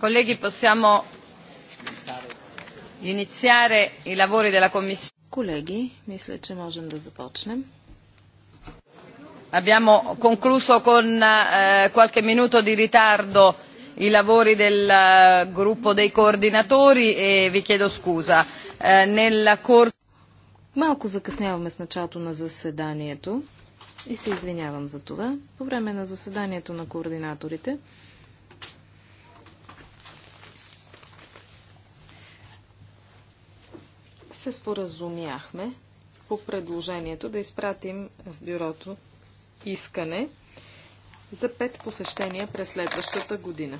Колеги, possiamo iniziare i lavori della Commissione. Колеги, мисля, че можем да започнем. Abbiamo concluso con eh, qualche minuto di ritardo i lavori del gruppo dei coordinatori e vi chiedo scusa. Eh, nella cor... Малко закъсняваме с началото на заседанието и се извинявам за това. По време на заседанието на координаторите се споразумяхме по предложението да изпратим в бюрото искане за пет посещения през следващата година.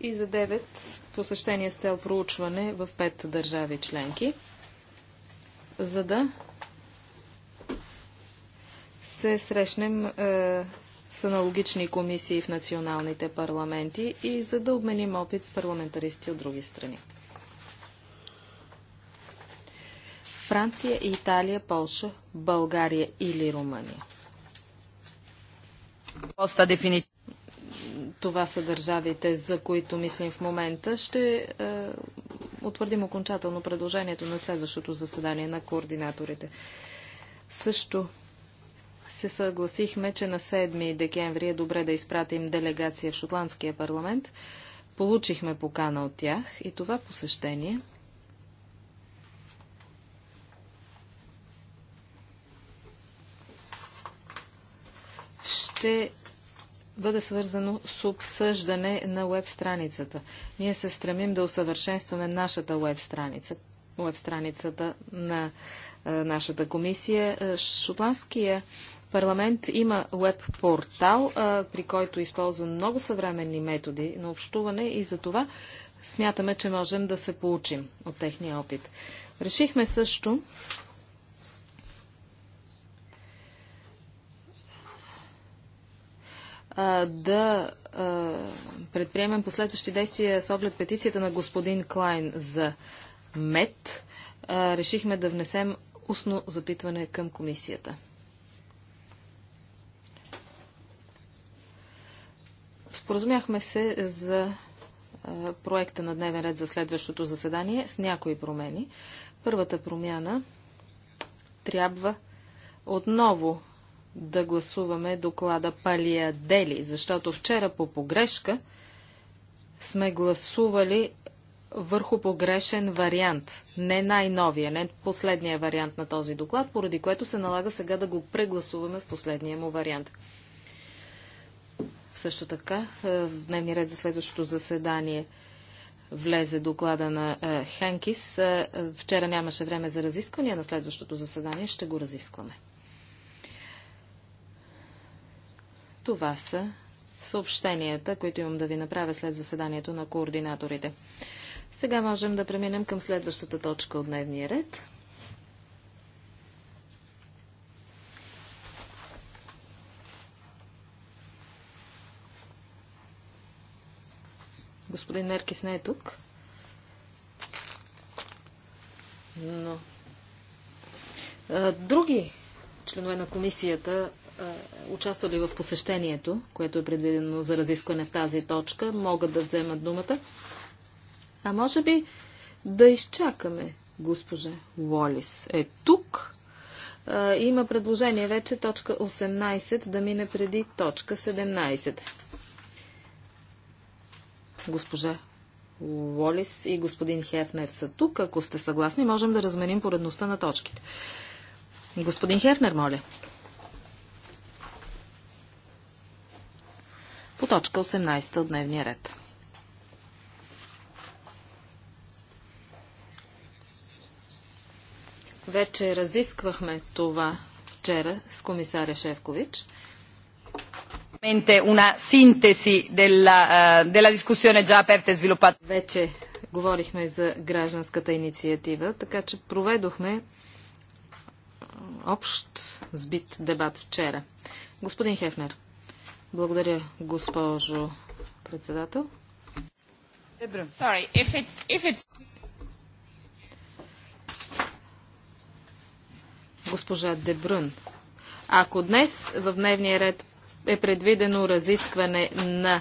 И за девет посещения с цел проучване в пет държави членки, за да се срещнем е, с аналогични комисии в националните парламенти и за да обменим опит с парламентаристи от други страни. Франция, Италия, Полша, България или Румъния. Това са държавите, за които мислим в момента. Ще е, утвърдим окончателно предложението на следващото заседание на координаторите. Също се съгласихме, че на 7 декември е добре да изпратим делегация в Шотландския парламент. Получихме покана от тях и това посещение ще бъде свързано с обсъждане на веб страницата. Ние се стремим да усъвършенстваме нашата веб страница, веб страницата на е, нашата комисия. Е, Шотландския парламент има веб-портал, при който използва много съвременни методи на общуване и за това смятаме, че можем да се получим от техния опит. Решихме също да предприемем последващи действия с оглед петицията на господин Клайн за МЕД. решихме да внесем устно запитване към комисията. Споразумяхме се за проекта на дневен ред за следващото заседание с някои промени. Първата промяна трябва отново да гласуваме доклада Палиадели, защото вчера по погрешка сме гласували върху погрешен вариант. Не най-новия, не последния вариант на този доклад, поради което се налага сега да го прегласуваме в последния му вариант. Също така, е, в дневния ред за следващото заседание влезе доклада на е, Хенкис. Е, вчера нямаше време за разисквания, на следващото заседание ще го разискваме. Това са съобщенията, които имам да ви направя след заседанието на координаторите. Сега можем да преминем към следващата точка от дневния ред. Господин Меркис не е тук. Но. Други членове на комисията участвали в посещението, което е предвидено за разискване в тази точка, могат да вземат думата. А може би да изчакаме. Госпожа Уолис е тук. Има предложение вече точка 18 да мине преди точка 17. Госпожа Уолис и господин Хефнер са тук. Ако сте съгласни, можем да разменим поредността на точките. Господин Хефнер, моля. По точка 18 от дневния ред. Вече разисквахме това вчера с комисаря Шевкович. Una sintesi della, eh, della discussione già aperta e sviluppata. Вече говорихме за гражданската инициатива, така че проведохме общ сбит дебат вчера. Господин Хефнер, благодаря, госпожо председател. Sorry, if it's, if it's... Госпожа Дебрън, ако днес в дневния ред е предвидено разискване на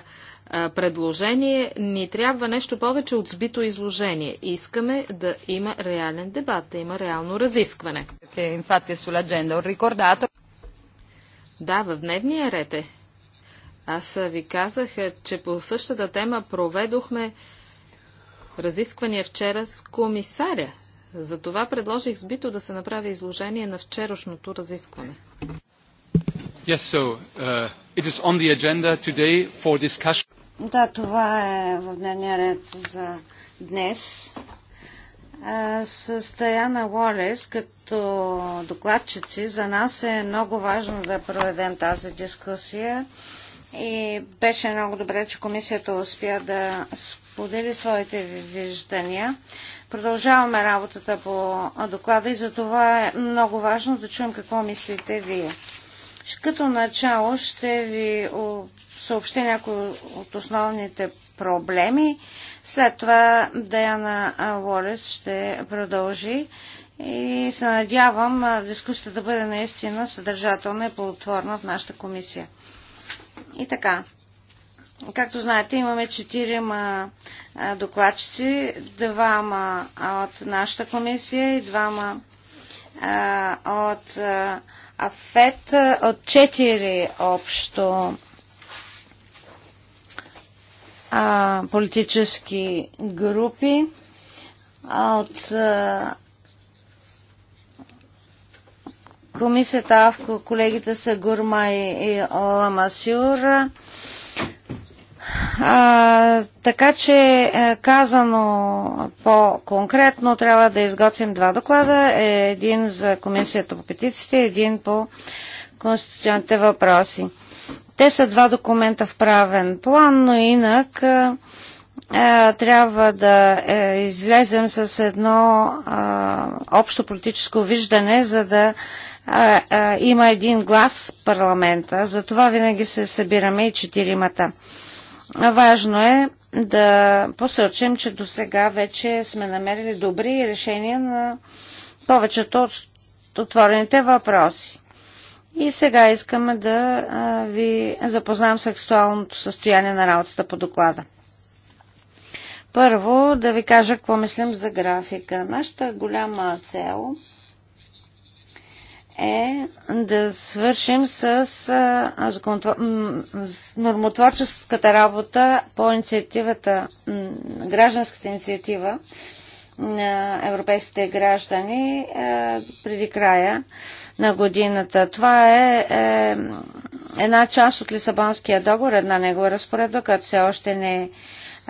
предложение, ни трябва нещо повече от сбито изложение. Искаме да има реален дебат, да има реално разискване. Да, в дневния ред е. Аз ви казах, е, че по същата тема проведохме разисквания вчера с комисаря. Затова предложих сбито да се направи изложение на вчерашното разискване. Yes, so uh, it is on the agenda today for discussion. Да, това е в дневния ред за днес. А, с Таяна Уолес като докладчици за нас е много важно да проведем тази дискусия и беше много добре, че комисията успя да сподели своите виждания. Продължаваме работата по доклада и за това е много важно да чуем какво мислите вие. Като начало ще ви съобщи някои от основните проблеми. След това Даяна Лорес ще продължи и се надявам дискусията да бъде наистина съдържателна и плодотворна в нашата комисия. И така, Както знаете, имаме четирима докладчици, двама от нашата комисия и двама от АФЕТ от четири общо а, политически групи а, от а, комисията АВКО колегите са Гурма и, и Ламасюр а, така че е, казано по-конкретно трябва да изготвим два доклада. Е, един за Комисията по петициите, един по конституционните въпроси. Те са два документа в правен план, но инак а, е, трябва да е, излезем с едно а, общо политическо виждане, за да а, а, има един глас в парламента. Затова винаги се събираме и четиримата. Важно е да посочим, че до сега вече сме намерили добри решения на повечето от отворените въпроси. И сега искаме да ви запознам с актуалното състояние на работата по доклада. Първо да ви кажа какво мислим за графика. Нашата голяма цел е е да свършим с, нормотворческата работа по инициативата, гражданската инициатива на европейските граждани преди края на годината. Това е, е една част от Лисабонския договор, една негова разпоредба, която все още не е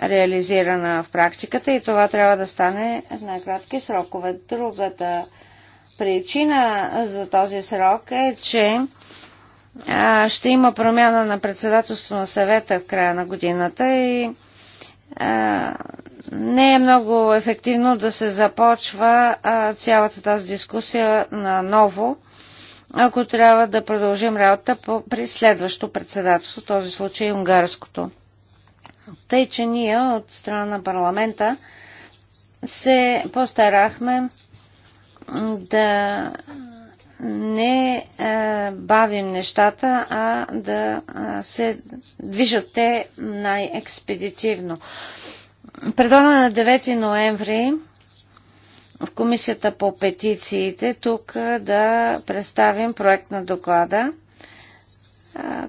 реализирана в практиката и това трябва да стане в най-кратки срокове. Другата Причина за този срок е, че ще има промяна на председателство на съвета в края на годината и не е много ефективно да се започва цялата тази дискусия на ново, ако трябва да продължим работа при следващо председателство, в този случай унгарското. Тъй, че ние от страна на парламента се постарахме да не а, бавим нещата, а да а, се движат те най-експедитивно. Предлага на 9 ноември в Комисията по петициите тук да представим проект на доклада.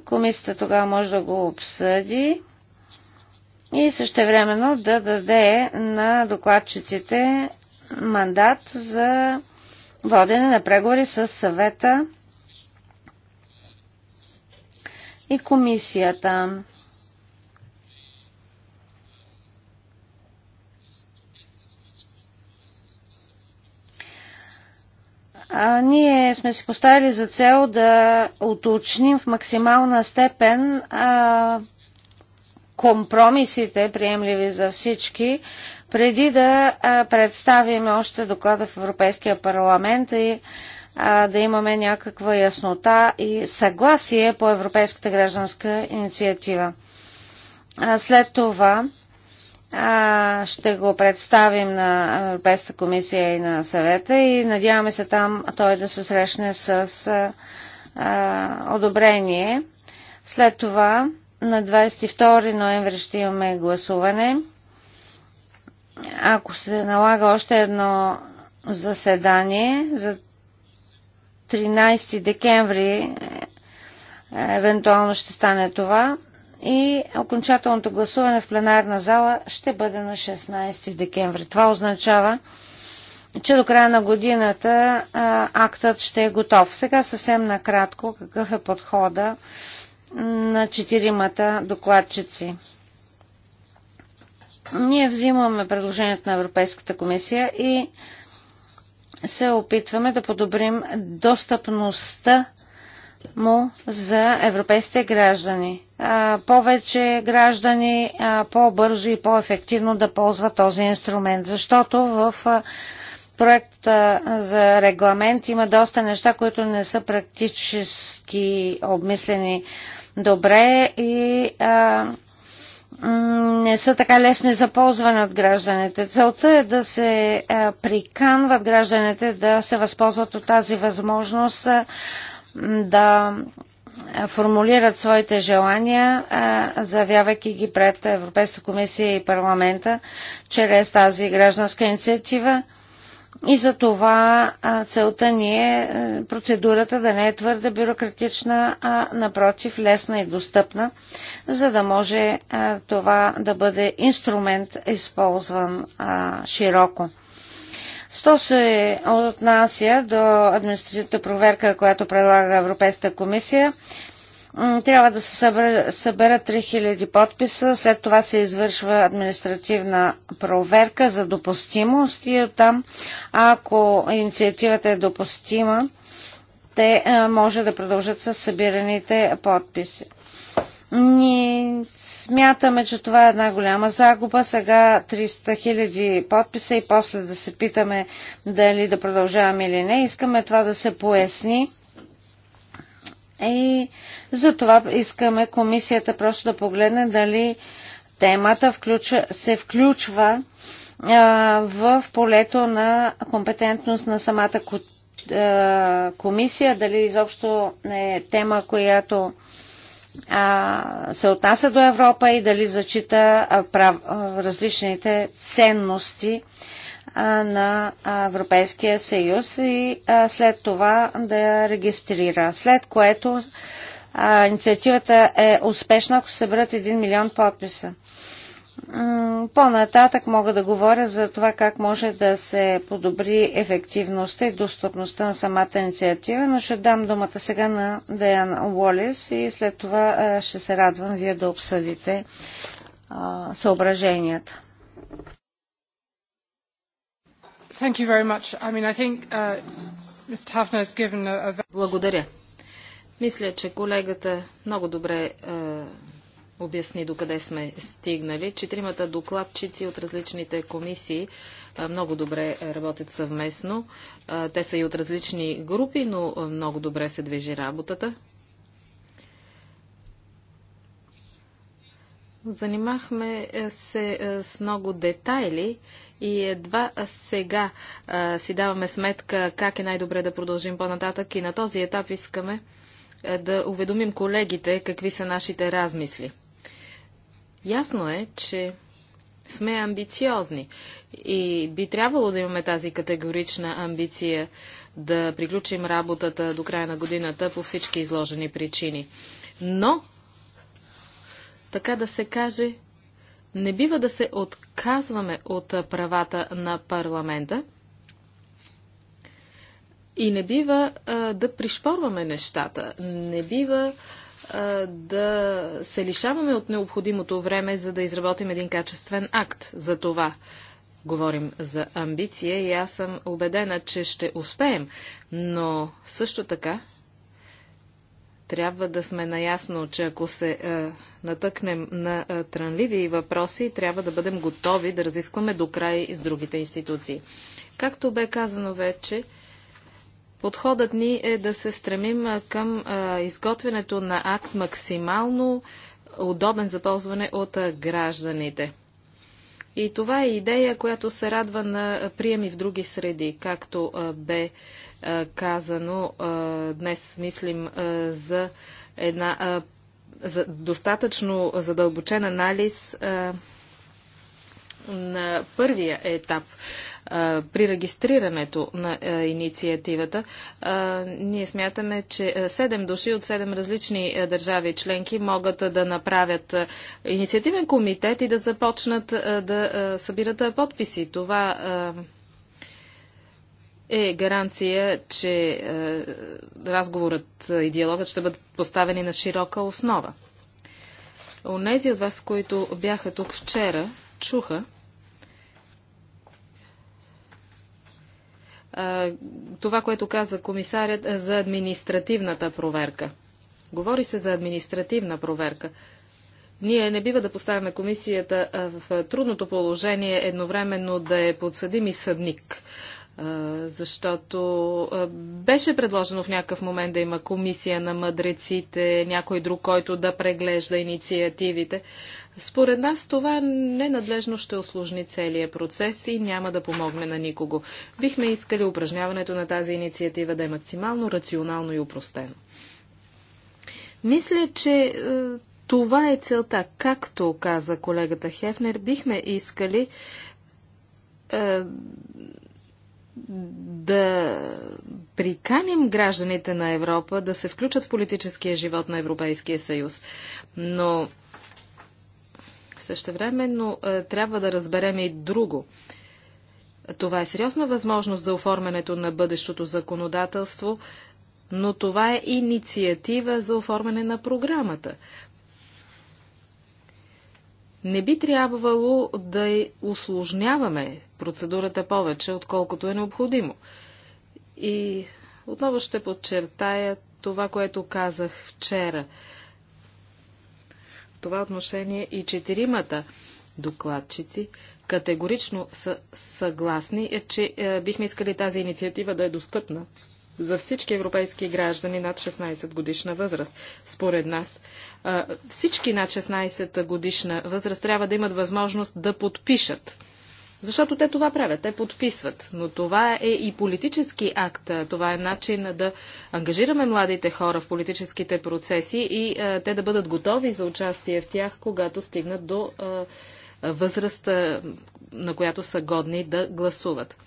комисията тогава може да го обсъди и също времено да даде на докладчиците мандат за водене на преговори с съвета и комисията. А, ние сме си поставили за цел да уточним в максимална степен а, компромисите, приемливи за всички, преди да представим още доклада в Европейския парламент и да имаме някаква яснота и съгласие по Европейската гражданска инициатива. След това ще го представим на Европейската комисия и на съвета и надяваме се там той да се срещне с одобрение. След това на 22 ноември ще имаме гласуване ако се налага още едно заседание за 13 декември, е, евентуално ще стане това, и окончателното гласуване в пленарна зала ще бъде на 16 декември. Това означава, че до края на годината а, актът ще е готов. Сега съвсем накратко какъв е подхода на четиримата докладчици. Ние взимаме предложението на Европейската комисия и се опитваме да подобрим достъпността му за европейските граждани. А, повече граждани по-бързо и по-ефективно да ползват този инструмент, защото в а, проекта за регламент има доста неща, които не са практически обмислени добре и а, не са така лесни за ползване от гражданите. Целта е да се приканват гражданите да се възползват от тази възможност да формулират своите желания, заявявайки ги пред Европейската комисия и парламента чрез тази гражданска инициатива. И за това целта ни е, е процедурата да не е твърде бюрократична, а напротив лесна и достъпна, за да може това да бъде инструмент използван широко. Сто се отнася до административната проверка, която предлага Европейската комисия, трябва да се съберат събера 3000 подписа, след това се извършва административна проверка за допустимост и оттам, ако инициативата е допустима, те може да продължат с събираните подписи. Ние смятаме, че това е една голяма загуба. Сега 300 000 подписа и после да се питаме дали да продължаваме или не. Искаме това да се поясни и за това искаме комисията просто да погледне дали темата включва, се включва а, в полето на компетентност на самата а, комисия, дали изобщо е тема, която а, се отнася до Европа и дали зачита прав, различните ценности на Европейския съюз и след това да я регистрира. След което инициативата е успешна, ако се съберат 1 милион подписа. По-нататък мога да говоря за това как може да се подобри ефективността и достъпността на самата инициатива, но ще дам думата сега на Даян Уолис и след това ще се радвам вие да обсъдите съображенията. Uh, Благодаря. Мисля, че колегата много добре е, обясни докъде сме стигнали. Четиримата докладчици от различните комисии е, много добре работят съвместно. Е, те са и от различни групи, но е, много добре се движи работата. Занимахме е, се е, с много детайли и едва сега е, си даваме сметка как е най-добре да продължим по-нататък и на този етап искаме да уведомим колегите какви са нашите размисли. Ясно е, че сме амбициозни и би трябвало да имаме тази категорична амбиция да приключим работата до края на годината по всички изложени причини. Но така да се каже, не бива да се отказваме от правата на парламента и не бива а, да пришпорваме нещата. Не бива а, да се лишаваме от необходимото време, за да изработим един качествен акт. За това говорим за амбиция и аз съм убедена, че ще успеем. Но също така трябва да сме наясно, че ако се е, натъкнем на е, трънливи въпроси, трябва да бъдем готови да разискваме до край с другите институции. Както бе казано вече, подходът ни е да се стремим е, към е, изготвянето на акт максимално удобен за ползване от е, гражданите. И това е идея, която се радва на приеми в други среди, както бе казано. Днес мислим за една за достатъчно задълбочен анализ на първия етап при регистрирането на инициативата, ние смятаме, че 7 души от 7 различни държави членки могат да направят инициативен комитет и да започнат да събират подписи. Това е гаранция, че разговорът и диалогът ще бъдат поставени на широка основа. Онези от вас, които бяха тук вчера, чуха, това, което каза комисарят за административната проверка. Говори се за административна проверка. Ние не бива да поставяме комисията в трудното положение едновременно да е подсъдим и съдник защото беше предложено в някакъв момент да има комисия на мъдреците, някой друг, който да преглежда инициативите. Според нас това ненадлежно ще осложни целия процес и няма да помогне на никого. Бихме искали упражняването на тази инициатива да е максимално рационално и упростено. Мисля, че е, това е целта. Както каза колегата Хефнер, бихме искали е, да приканим гражданите на Европа да се включат в политическия живот на Европейския съюз. Но е, трябва да разберем и друго. Това е сериозна възможност за оформянето на бъдещото законодателство, но това е инициатива за оформяне на програмата. Не би трябвало да усложняваме процедурата повече, отколкото е необходимо. И отново ще подчертая това, което казах вчера – това отношение и четиримата докладчици категорично са съгласни, е, че е, бихме искали тази инициатива да е достъпна за всички европейски граждани над 16 годишна възраст. Според нас, е, всички над 16 годишна възраст трябва да имат възможност да подпишат защото те това правят, те подписват. Но това е и политически акт. Това е начин да ангажираме младите хора в политическите процеси и а, те да бъдат готови за участие в тях, когато стигнат до а, възраст, а, на която са годни да гласуват.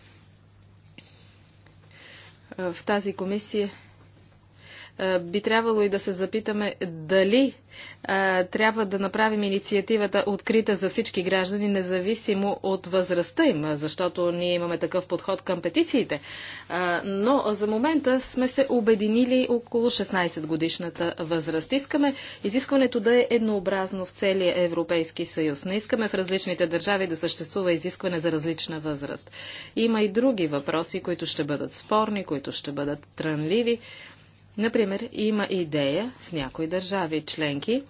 В тази комисия е, би трябвало и да се запитаме дали е, трябва да направим инициативата открита за всички граждани, независимо от възрастта им, защото ние имаме такъв подход към петициите. Е, но за момента сме се обединили около 16 годишната възраст. Искаме изискването да е еднообразно в целия Европейски съюз. Не искаме в различните държави да съществува изискване за различна възраст. Има и други въпроси, които ще бъдат спорни, които ще бъдат трънливи. Например, има идея в някои държави членки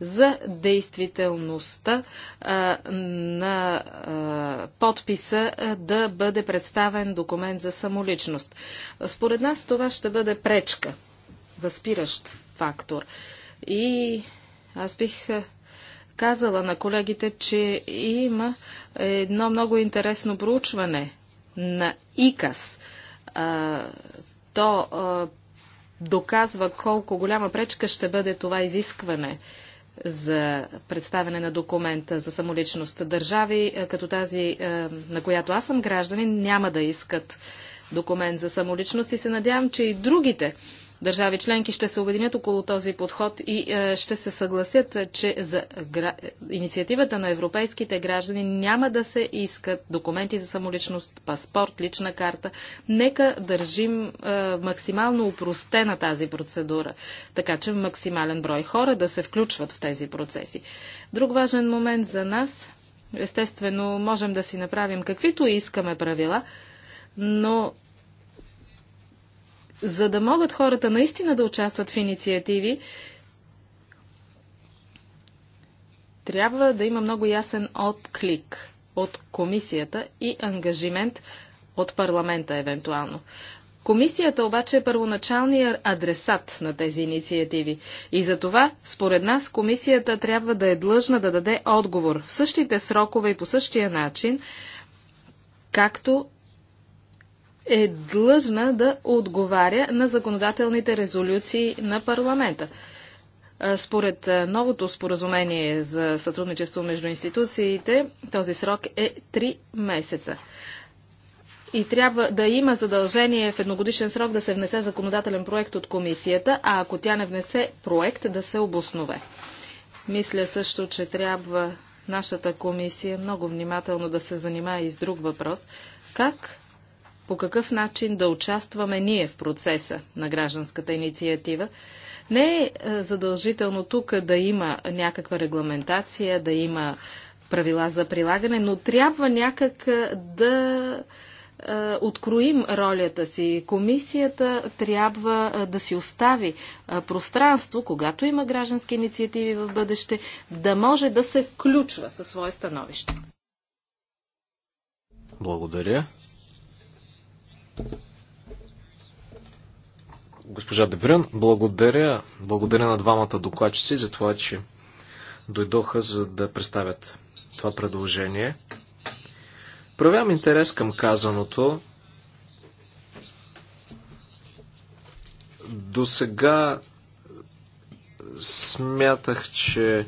за действителността а, на а, подписа а, да бъде представен документ за самоличност. Според нас това ще бъде пречка, възпиращ фактор. И аз бих казала на колегите, че има едно много интересно проучване на ИКАС – то доказва колко голяма пречка ще бъде това изискване за представяне на документа за самоличност. Държави, като тази, на която аз съм гражданин, няма да искат документ за самоличност и се надявам, че и другите държави членки ще се объединят около този подход и е, ще се съгласят, че за инициативата на европейските граждани няма да се искат документи за самоличност, паспорт, лична карта. Нека държим е, максимално упростена тази процедура, така че максимален брой хора да се включват в тези процеси. Друг важен момент за нас, естествено, можем да си направим каквито искаме правила, но за да могат хората наистина да участват в инициативи, трябва да има много ясен отклик от комисията и ангажимент от парламента евентуално. Комисията обаче е първоначалният адресат на тези инициативи. И за това, според нас, комисията трябва да е длъжна да даде отговор в същите срокове и по същия начин, както е длъжна да отговаря на законодателните резолюции на парламента. Според новото споразумение за сътрудничество между институциите, този срок е 3 месеца. И трябва да има задължение в едногодишен срок да се внесе законодателен проект от комисията, а ако тя не внесе проект, да се обоснове. Мисля също, че трябва нашата комисия много внимателно да се занимае и с друг въпрос. Как по какъв начин да участваме ние в процеса на гражданската инициатива. Не е, е задължително тук да има някаква регламентация, да има правила за прилагане, но трябва някак е, да е, откроим ролята си. Комисията трябва да си остави пространство, когато има граждански инициативи в бъдеще, да може да се включва със свое становище. Благодаря. Госпожа Дебрюн, благодаря, благодаря на двамата докладчици за това, че дойдоха за да представят това предложение. Проявявам интерес към казаното. До сега смятах, че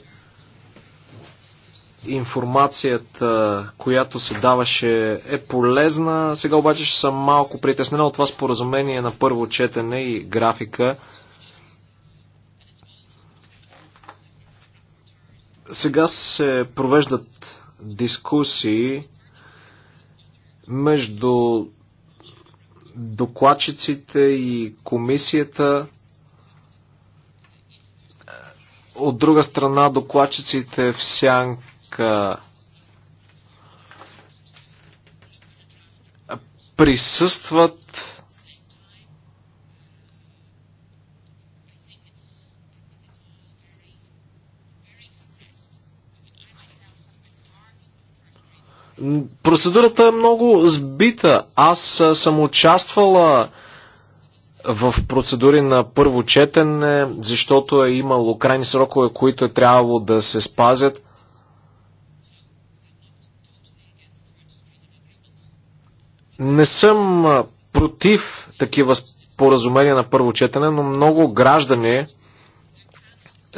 информацията, която се даваше е полезна. Сега обаче ще съм малко притеснена от това споразумение на първо четене и графика. Сега се провеждат дискусии между докладчиците и комисията. От друга страна, докладчиците в сянка присъстват Процедурата е много сбита. Аз съм участвала в процедури на първо четене, защото е имало крайни срокове, които е трябвало да се спазят. Не съм против такива споразумения на първо четене, но много граждани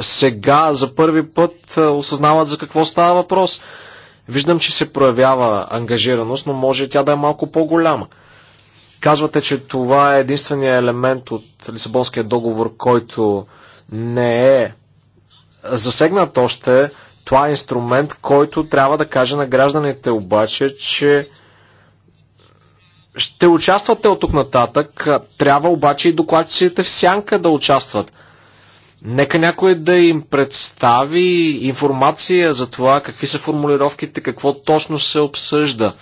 сега за първи път осъзнават за какво става въпрос. Виждам, че се проявява ангажираност, но може тя да е малко по-голяма. Казвате, че това е единствения елемент от Лисабонския договор, който не е засегнат още. Това е инструмент, който трябва да каже на гражданите обаче, че ще участвате от тук нататък, трябва обаче и докладчиците в сянка да участват. Нека някой да им представи информация за това, какви са формулировките, какво точно се обсъжда.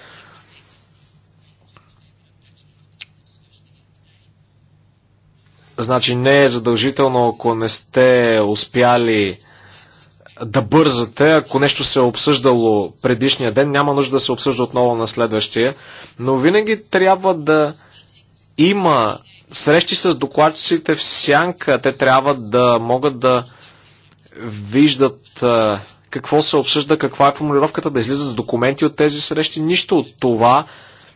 Значи не е задължително, ако не сте успяли да бързате. Ако нещо се е обсъждало предишния ден, няма нужда да се обсъжда отново на следващия. Но винаги трябва да има срещи с докладчиците в сянка. Те трябва да могат да виждат какво се обсъжда, каква е формулировката, да излизат с документи от тези срещи. Нищо от това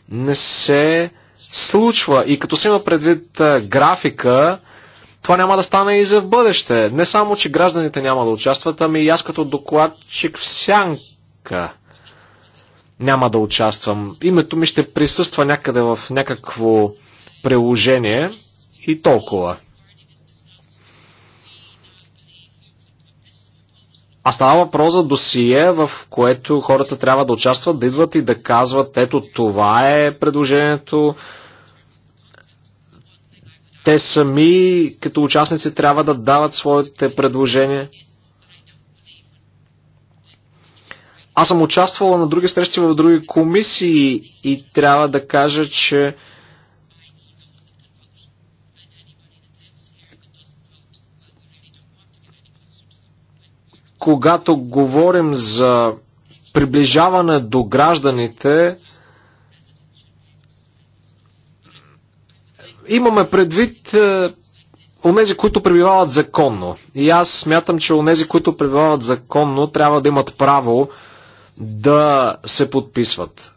не се случва. И като се има предвид графика, това няма да стане и за бъдеще. Не само, че гражданите няма да участват, ами и аз като докладчик в сянка няма да участвам. Името ми ще присъства някъде в някакво приложение и толкова. А става въпрос за досие, в което хората трябва да участват, да идват и да казват, ето това е предложението, те сами като участници трябва да дават своите предложения. Аз съм участвала на други срещи в други комисии и трябва да кажа, че когато говорим за приближаване до гражданите, Имаме предвид е, онези, които пребивават законно. И аз смятам, че онези, които пребивават законно, трябва да имат право да се подписват.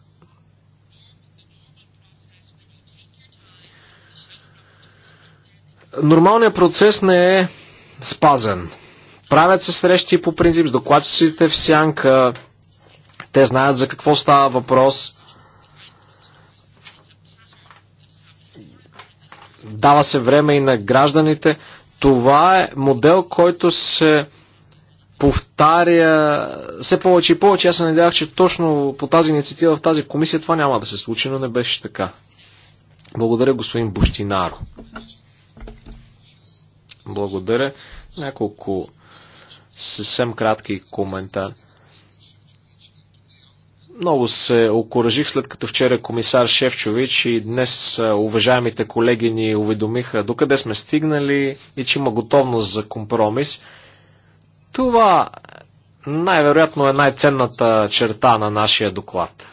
Нормалният процес не е спазен. Правят се срещи по принцип с докладчиците в сянка. Те знаят за какво става въпрос. дава се време и на гражданите. Това е модел, който се повтаря все повече и повече. Аз се надявах, че точно по тази инициатива в тази комисия това няма да се случи, но не беше така. Благодаря, господин Буштинаро. Благодаря. Няколко съвсем кратки коментар. Много се окоръжих след като вчера комисар Шевчович и днес уважаемите колеги ни уведомиха докъде сме стигнали и че има готовност за компромис. Това най-вероятно е най-ценната черта на нашия доклад.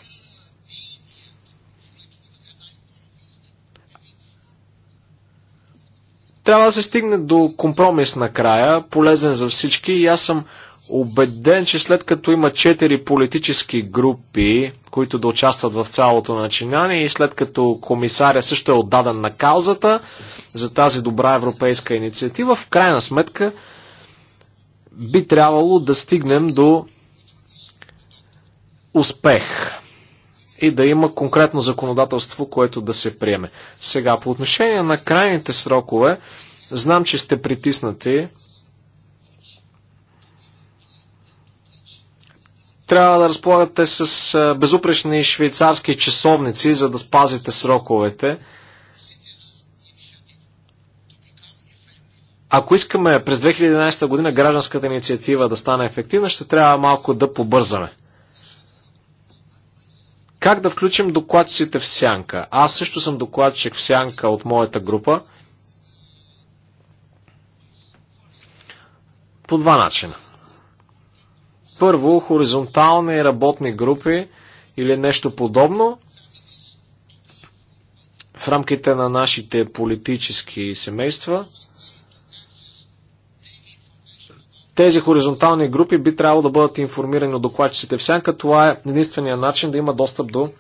Трябва да се стигне до компромис накрая, полезен за всички и аз съм убеден, че след като има четири политически групи, които да участват в цялото начинание и след като комисаря също е отдаден на каузата за тази добра европейска инициатива, в крайна сметка би трябвало да стигнем до успех и да има конкретно законодателство, което да се приеме. Сега, по отношение на крайните срокове, знам, че сте притиснати трябва да разполагате с безупречни швейцарски часовници, за да спазите сроковете. Ако искаме през 2011 година гражданската инициатива да стане ефективна, ще трябва малко да побързаме. Как да включим докладчиците в сянка? Аз също съм докладчик в сянка от моята група. По два начина. Първо, хоризонтални работни групи или нещо подобно в рамките на нашите политически семейства. Тези хоризонтални групи би трябвало да бъдат информирани от докладчиците всяка. Това е единствения начин да има достъп до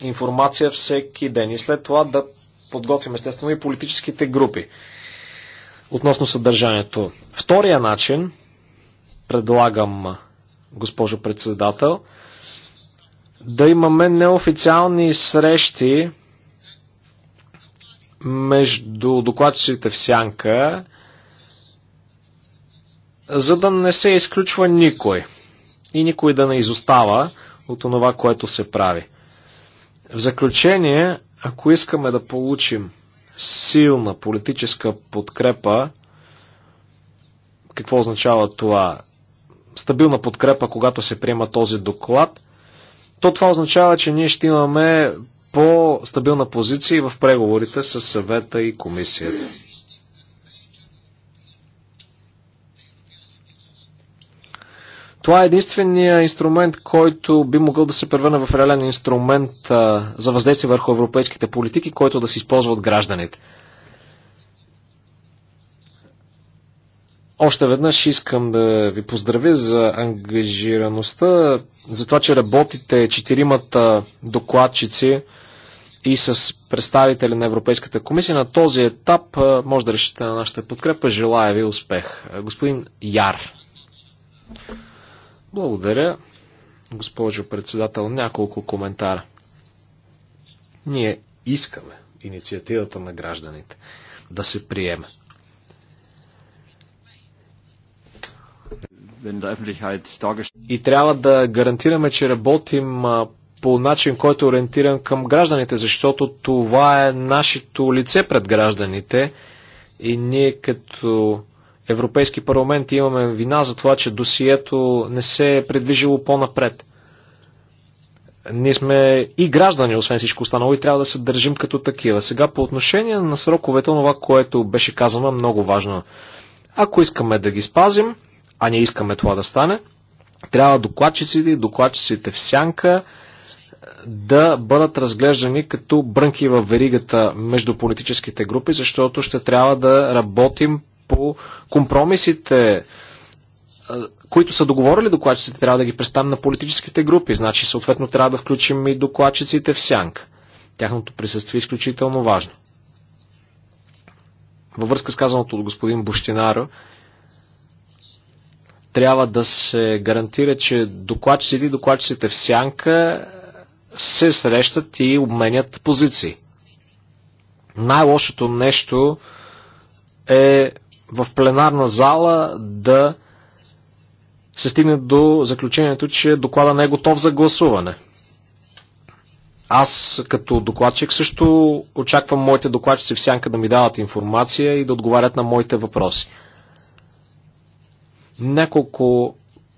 информация всеки ден. И след това да подготвим естествено и политическите групи относно съдържанието. Втория начин предлагам госпожо председател, да имаме неофициални срещи между докладчиците в сянка, за да не се изключва никой и никой да не изостава от това, което се прави. В заключение, ако искаме да получим силна политическа подкрепа, какво означава това? стабилна подкрепа, когато се приема този доклад, то това означава, че ние ще имаме по-стабилна позиция в преговорите с съвета и комисията. Това е единствения инструмент, който би могъл да се превърне в реален инструмент а, за въздействие върху европейските политики, който да се използват гражданите. Още веднъж искам да ви поздравя за ангажираността, за това, че работите четиримата докладчици и с представители на Европейската комисия. На този етап може да решите на нашата подкрепа. Желая ви успех. Господин Яр. Благодаря, госпожо председател. Няколко коментара. Ние искаме инициативата на гражданите да се приеме. И трябва да гарантираме, че работим по начин, който е ориентиран към гражданите, защото това е нашето лице пред гражданите и ние като Европейски парламент имаме вина за това, че досието не се е предвижило по-напред. Ние сме и граждани, освен всичко останало, и трябва да се държим като такива. Сега по отношение на сроковете, това, което беше казано, е много важно. Ако искаме да ги спазим, а ние искаме това да стане, трябва докладчиците и докладчиците в сянка е, да бъдат разглеждани като брънки в веригата между политическите групи, защото ще трябва да работим по компромисите, е, които са договорили докладчиците, трябва да ги представим на политическите групи. Значи, съответно, трябва да включим и докладчиците в сянка. Тяхното присъствие е изключително важно. Във връзка с казаното от господин Бощинаро, трябва да се гарантира, че докладчиците и докладчиците в сянка се срещат и обменят позиции. Най-лошото нещо е в пленарна зала да се стигне до заключението, че доклада не е готов за гласуване. Аз като докладчик също очаквам моите докладчици в сянка да ми дават информация и да отговарят на моите въпроси. Няколко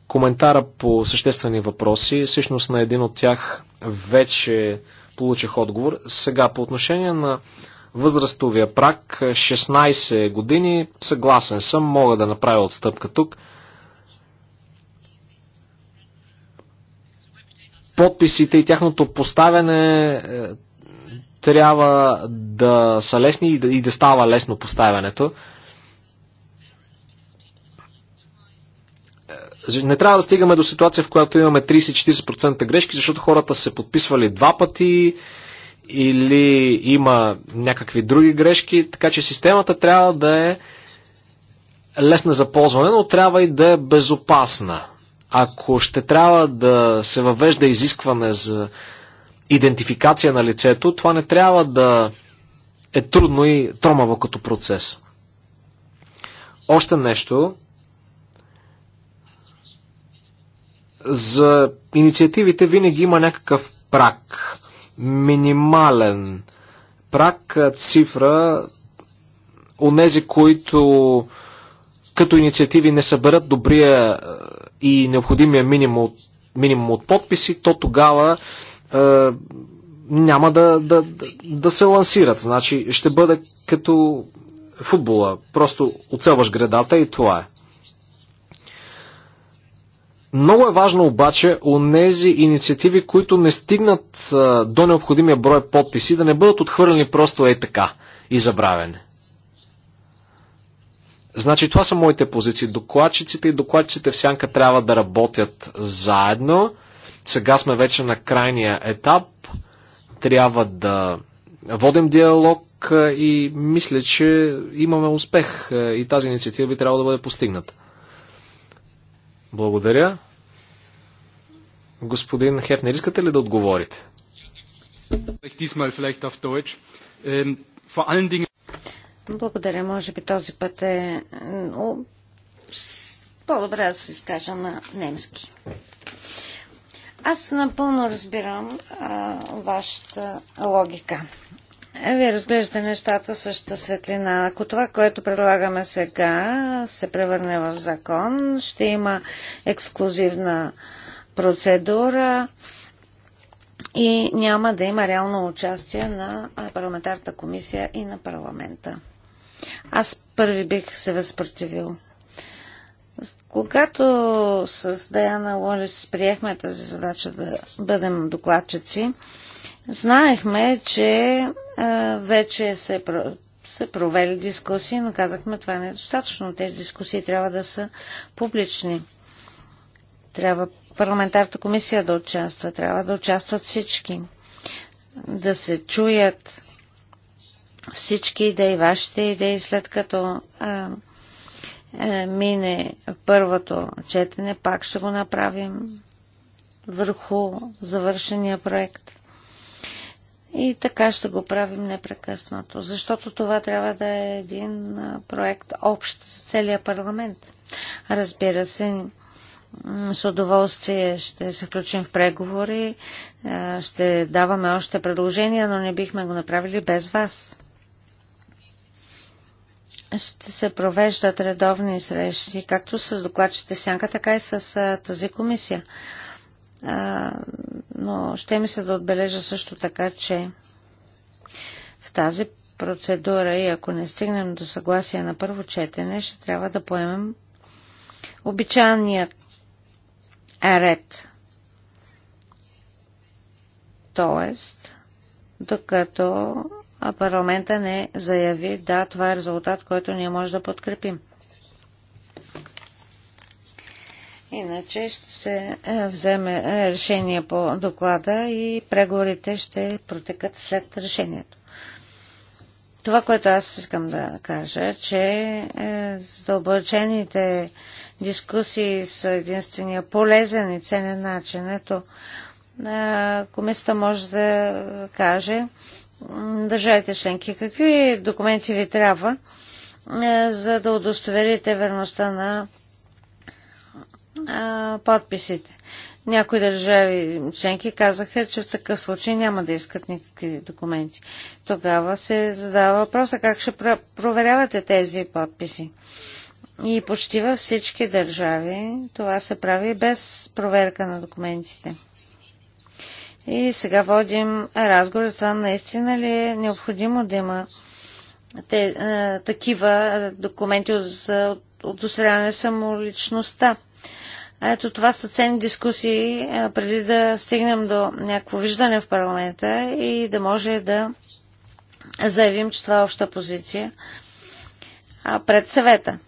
коментара по съществени въпроси. Всъщност на един от тях вече получих отговор. Сега, по отношение на възрастовия прак, 16 години, съгласен съм, мога да направя отстъпка тук. Подписите и тяхното поставяне е, трябва да са лесни и да, и да става лесно поставянето. Значи, не трябва да стигаме до ситуация, в която имаме 30-40% грешки, защото хората се подписвали два пъти или има някакви други грешки, така че системата трябва да е лесна за ползване, но трябва и да е безопасна. Ако ще трябва да се въвежда изискване за идентификация на лицето, това не трябва да е трудно и тромаво като процес. Още нещо, За инициативите винаги има някакъв прак. Минимален прак, цифра, онези, които като инициативи не съберат добрия и необходимия минимум от, минимум от подписи, то тогава е, няма да, да, да, да се лансират. Значи ще бъде като футбола. Просто оцелваш градата и това е. Много е важно обаче у нези инициативи, които не стигнат до необходимия брой подписи, да не бъдат отхвърлени просто е така и забравени. Значи това са моите позиции. Докладчиците и докладчиците в сянка трябва да работят заедно. Сега сме вече на крайния етап. Трябва да водим диалог и мисля, че имаме успех и тази инициатива би трябвало да бъде постигната. Благодаря. Господин Хефнер, искате ли да отговорите? Ähm, Благодаря. Може би този път е по-добре да се изкажа на немски. Аз напълно разбирам а, вашата логика. Е, вие разглеждате нещата в същата светлина. Ако това, което предлагаме сега, се превърне в закон, ще има ексклюзивна процедура и няма да има реално участие на парламентарната комисия и на парламента. Аз първи бих се възпротивил. Когато с Даяна Лолис приехме тази задача да бъдем докладчици, Знаехме, че вече се, се провели дискусии, но казахме това не е достатъчно. Тези дискусии трябва да са публични. Трябва парламентарната комисия да участва, трябва да участват всички, да се чуят всички идеи, вашите идеи, след като а, а, мине първото четене, пак ще го направим върху завършения проект. И така ще го правим непрекъснато, защото това трябва да е един проект общ за целия парламент. Разбира се, с удоволствие ще се включим в преговори, ще даваме още предложения, но не бихме го направили без вас. Ще се провеждат редовни срещи, както с докладчите в сянка, така и с тази комисия но ще ми се да отбележа също така, че в тази процедура и ако не стигнем до съгласие на първо четене, ще трябва да поемем обичайният ред. Тоест, докато парламента не заяви, да, това е резултат, който ние може да подкрепим. Иначе ще се е, вземе е, решение по доклада и преговорите ще протекат след решението. Това, което аз искам да кажа, че е, задълбочените дискусии с единствения полезен и ценен начин. Ето, комисията може да каже държавите членки какви документи ви трябва, за да удостоверите верността на а, подписите. Някои държави членки казаха, че в такъв случай няма да искат никакви документи. Тогава се задава въпроса как ще проверявате тези подписи. И почти във всички държави това се прави без проверка на документите. И сега водим разговор за това наистина ли е необходимо да има те, а, такива документи за удостоверяване самоличността. Ето това са ценни дискусии преди да стигнем до някакво виждане в парламента и да може да заявим, че това е обща позиция пред съвета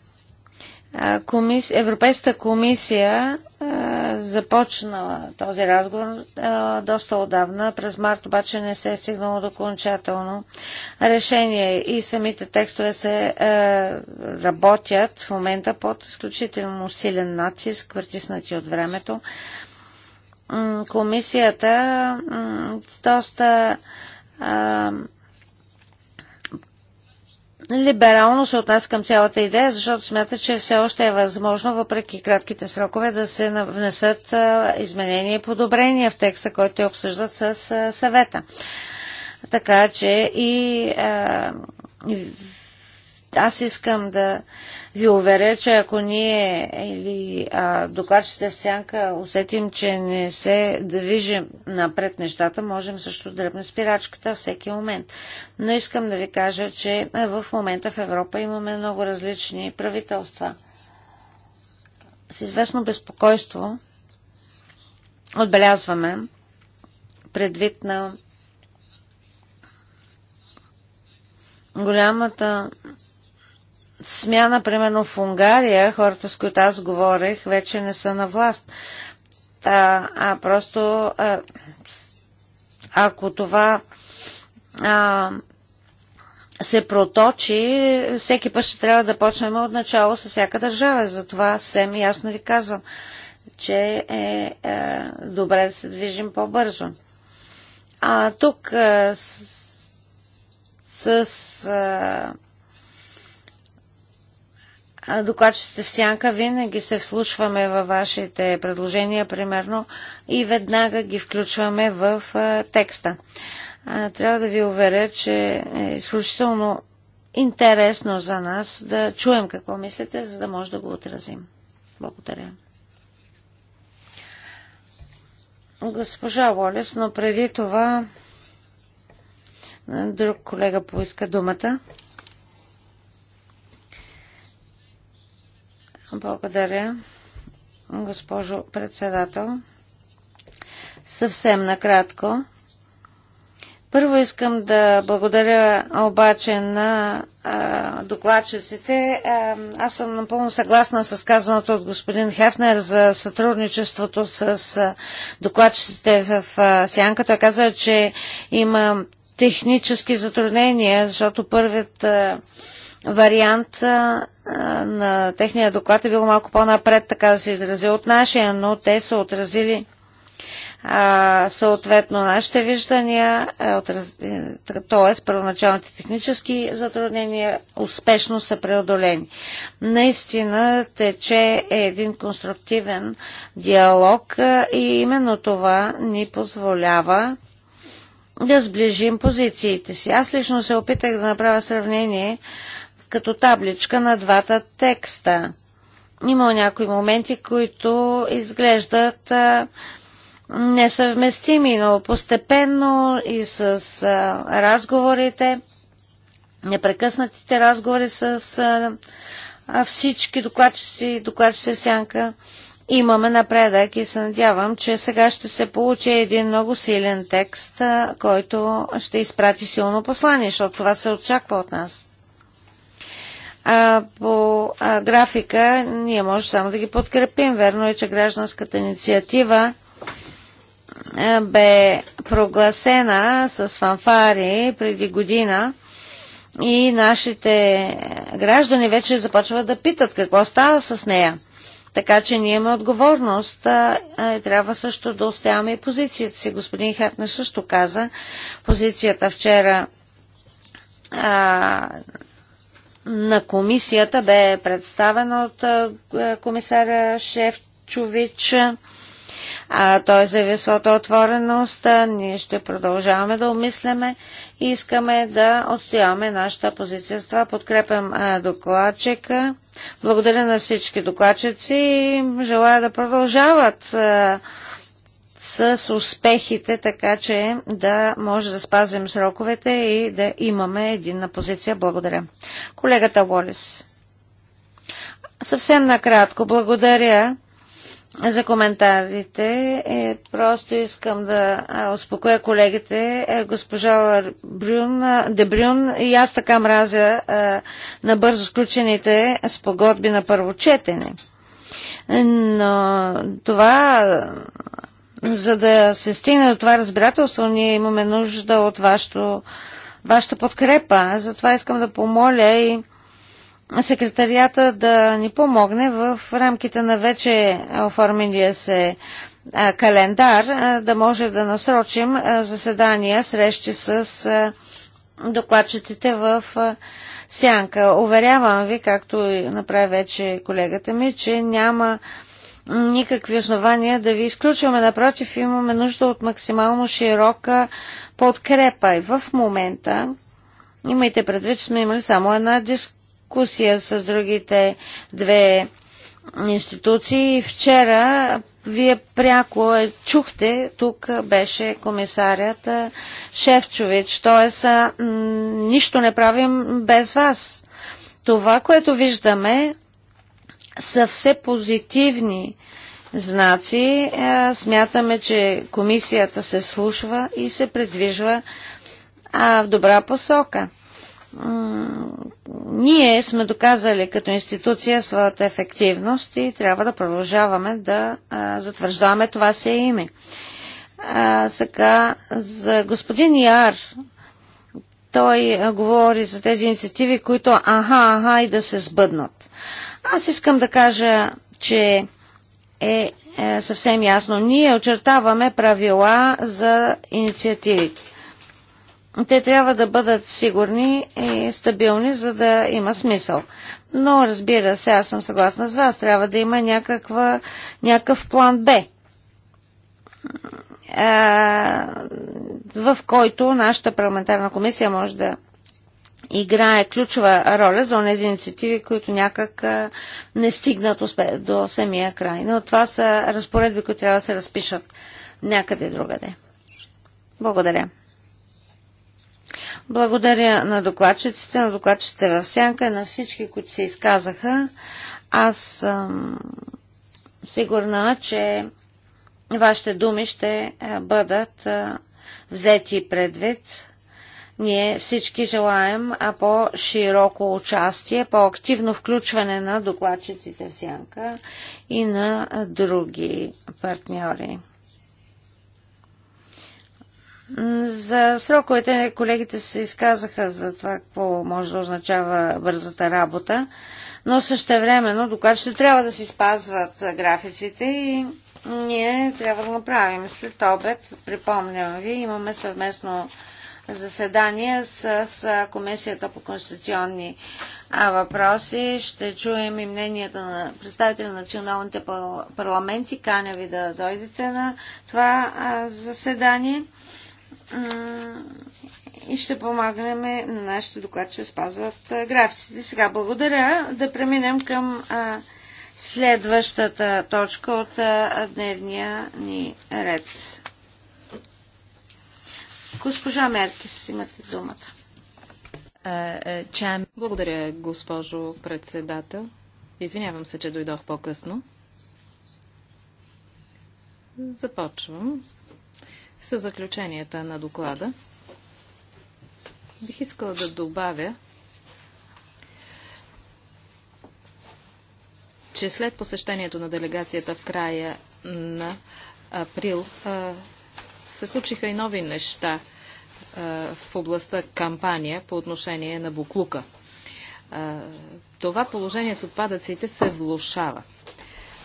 комис... Европейската комисия а, започнала този разговор а, доста отдавна. През март обаче не се е стигнало до окончателно решение и самите текстове се а, работят в момента под изключително силен натиск, въртиснати от времето. Комисията доста либерално се отнася към цялата идея, защото смята, че все още е възможно, въпреки кратките срокове, да се внесат изменения и подобрения в текста, който те обсъждат с съвета. Така че и аз искам да ви уверя, че ако ние или докладчите в сянка усетим, че не се движим напред нещата, можем също да дръпнем спирачката всеки момент. Но искам да ви кажа, че в момента в Европа имаме много различни правителства. С известно безпокойство отбелязваме предвид на голямата смяна, примерно в Унгария, хората с които аз говорех, вече не са на власт. Та, а просто а, ако това а, се проточи, всеки път ще трябва да почнем от начало с всяка държава. Затова съвсем ясно ви казвам, че е, е добре да се движим по-бързо. А тук е, с, с е, Докладчиците в сянка винаги се вслушваме във вашите предложения, примерно, и веднага ги включваме в текста. Трябва да ви уверя, че е изключително интересно за нас да чуем какво мислите, за да може да го отразим. Благодаря. Госпожа Волес, но преди това друг колега поиска думата. Благодаря, госпожо председател. Съвсем накратко. Първо искам да благодаря обаче на а, докладчиците. А, аз съм напълно съгласна с казаното от господин Хефнер за сътрудничеството с а, докладчиците в а, Сянка. Той каза, че има технически затруднения, защото първият а, вариант а, на техния доклад е бил малко по-напред, така да се изрази от нашия, но те са отразили а, съответно нашите виждания, е, отраз... Е, т.е. първоначалните технически затруднения успешно са преодолени. Наистина тече е един конструктивен диалог а, е, и именно това ни позволява да сближим позициите си. Аз лично се опитах да направя сравнение като табличка на двата текста. Има някои моменти, които изглеждат несъвместими, но постепенно и с разговорите, непрекъснатите разговори с всички докладчици и докладчици сянка, имаме напредък и се надявам, че сега ще се получи един много силен текст, който ще изпрати силно послание, защото това се очаква от нас а, по а, графика ние може само да ги подкрепим. Верно е, че гражданската инициатива а, бе прогласена с фанфари преди година и нашите граждани вече започват да питат какво става с нея. Така че ние имаме отговорност а, и трябва също да оставяме и позицията си. Господин Хартнер също каза позицията вчера а, на комисията бе представен от комисаря Шефчович. А той заяви своята отвореност. Ние ще продължаваме да обмисляме и искаме да отстояваме нашата позиция. С това подкрепям докладчика. Благодаря на всички докладчици и желая да продължават с успехите, така че да може да спазим сроковете и да имаме единна позиция. Благодаря. Колегата Волис. Съвсем накратко, благодаря за коментарите. Е, просто искам да успокоя колегите. Е, госпожа Брюн, Дебрюн и аз така мразя е, на бързо сключените спогодби на първо четене. Но това за да се стигне до това разбирателство, ние имаме нужда от вашето, вашата подкрепа. Затова искам да помоля и секретарията да ни помогне в рамките на вече оформения се календар, да може да насрочим заседания, срещи с докладчиците в сянка. Уверявам ви, както направи вече колегата ми, че няма никакви основания да ви изключваме. Напротив, имаме нужда от максимално широка подкрепа. И в момента, имайте предвид, че сме имали само една дискусия с другите две институции. И вчера вие пряко е, чухте, тук беше комисарят е, Шефчович, т.е. нищо не правим без вас. Това, което виждаме, са все позитивни знаци. Е, смятаме, че комисията се слушва и се предвижва в добра посока. Ние сме доказали като институция своята ефективност и трябва да продължаваме да затвърждаваме това се име. сега за господин Яр, той говори за тези инициативи, които аха, аха и да се сбъднат. Аз искам да кажа, че е, е съвсем ясно. Ние очертаваме правила за инициативите. Те трябва да бъдат сигурни и стабилни, за да има смисъл. Но разбира се, аз съм съгласна с вас, трябва да има някаква, някакъв план Б, е, в който нашата парламентарна комисия може да играе ключова роля за тези инициативи, които някак не стигнат до самия край. Но това са разпоредби, които трябва да се разпишат някъде другаде. Благодаря. Благодаря на докладчиците, на докладчиците в сянка, на всички, които се изказаха. Аз съм сигурна, че вашите думи ще бъдат взети предвид ние всички желаем по-широко участие, по-активно включване на докладчиците в сянка и на други партньори. За сроковете колегите се изказаха за това какво може да означава бързата работа, но същевременно доклад ще трябва да си спазват графиците и ние трябва да направим след обед. Припомням ви, имаме съвместно заседание с Комисията по конституционни въпроси. Ще чуем и мненията на представители на националните парламенти. Каня ви да дойдете на това заседание и ще помагнем на нашите докладчи да спазват графиците. Сега благодаря. Да преминем към следващата точка от дневния ни ред. Госпожа Меркис, имате думата. Е, е, Благодаря, госпожо председател. Извинявам се, че дойдох по-късно. Започвам с заключенията на доклада. Бих искала да добавя, че след посещението на делегацията в края на април се случиха и нови неща в областта кампания по отношение на Буклука. Това положение с отпадъците се влушава.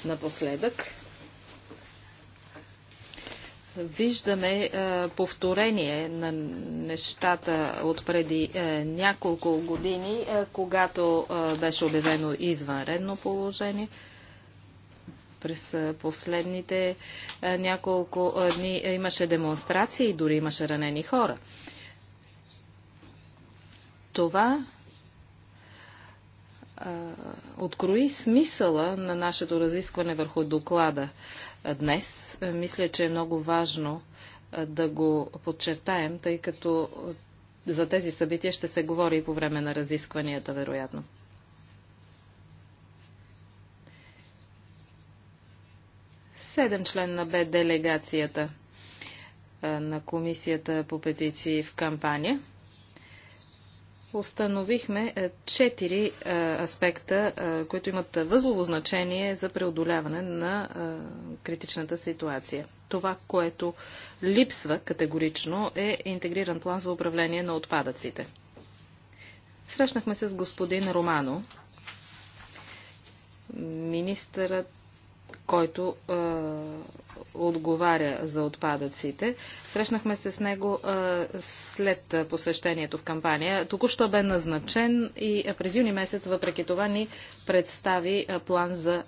Напоследък виждаме повторение на нещата от преди няколко години, когато беше обявено извънредно положение – през последните няколко дни е, имаше демонстрации и дори имаше ранени хора. Това открои смисъла на нашето разискване върху доклада днес. Мисля, че е много важно да го подчертаем, тъй като за тези събития ще се говори и по време на разискванията, вероятно. Седем на бе делегацията на Комисията по петиции в кампания. Установихме четири аспекта, които имат възлово значение за преодоляване на критичната ситуация. Това, което липсва категорично е интегриран план за управление на отпадъците. Срещнахме се с господин Романо, министърът който е, отговаря за отпадъците. Срещнахме се с него е, след посещението в кампания. Току-що бе назначен и през юни месец, въпреки това, ни представи план за е,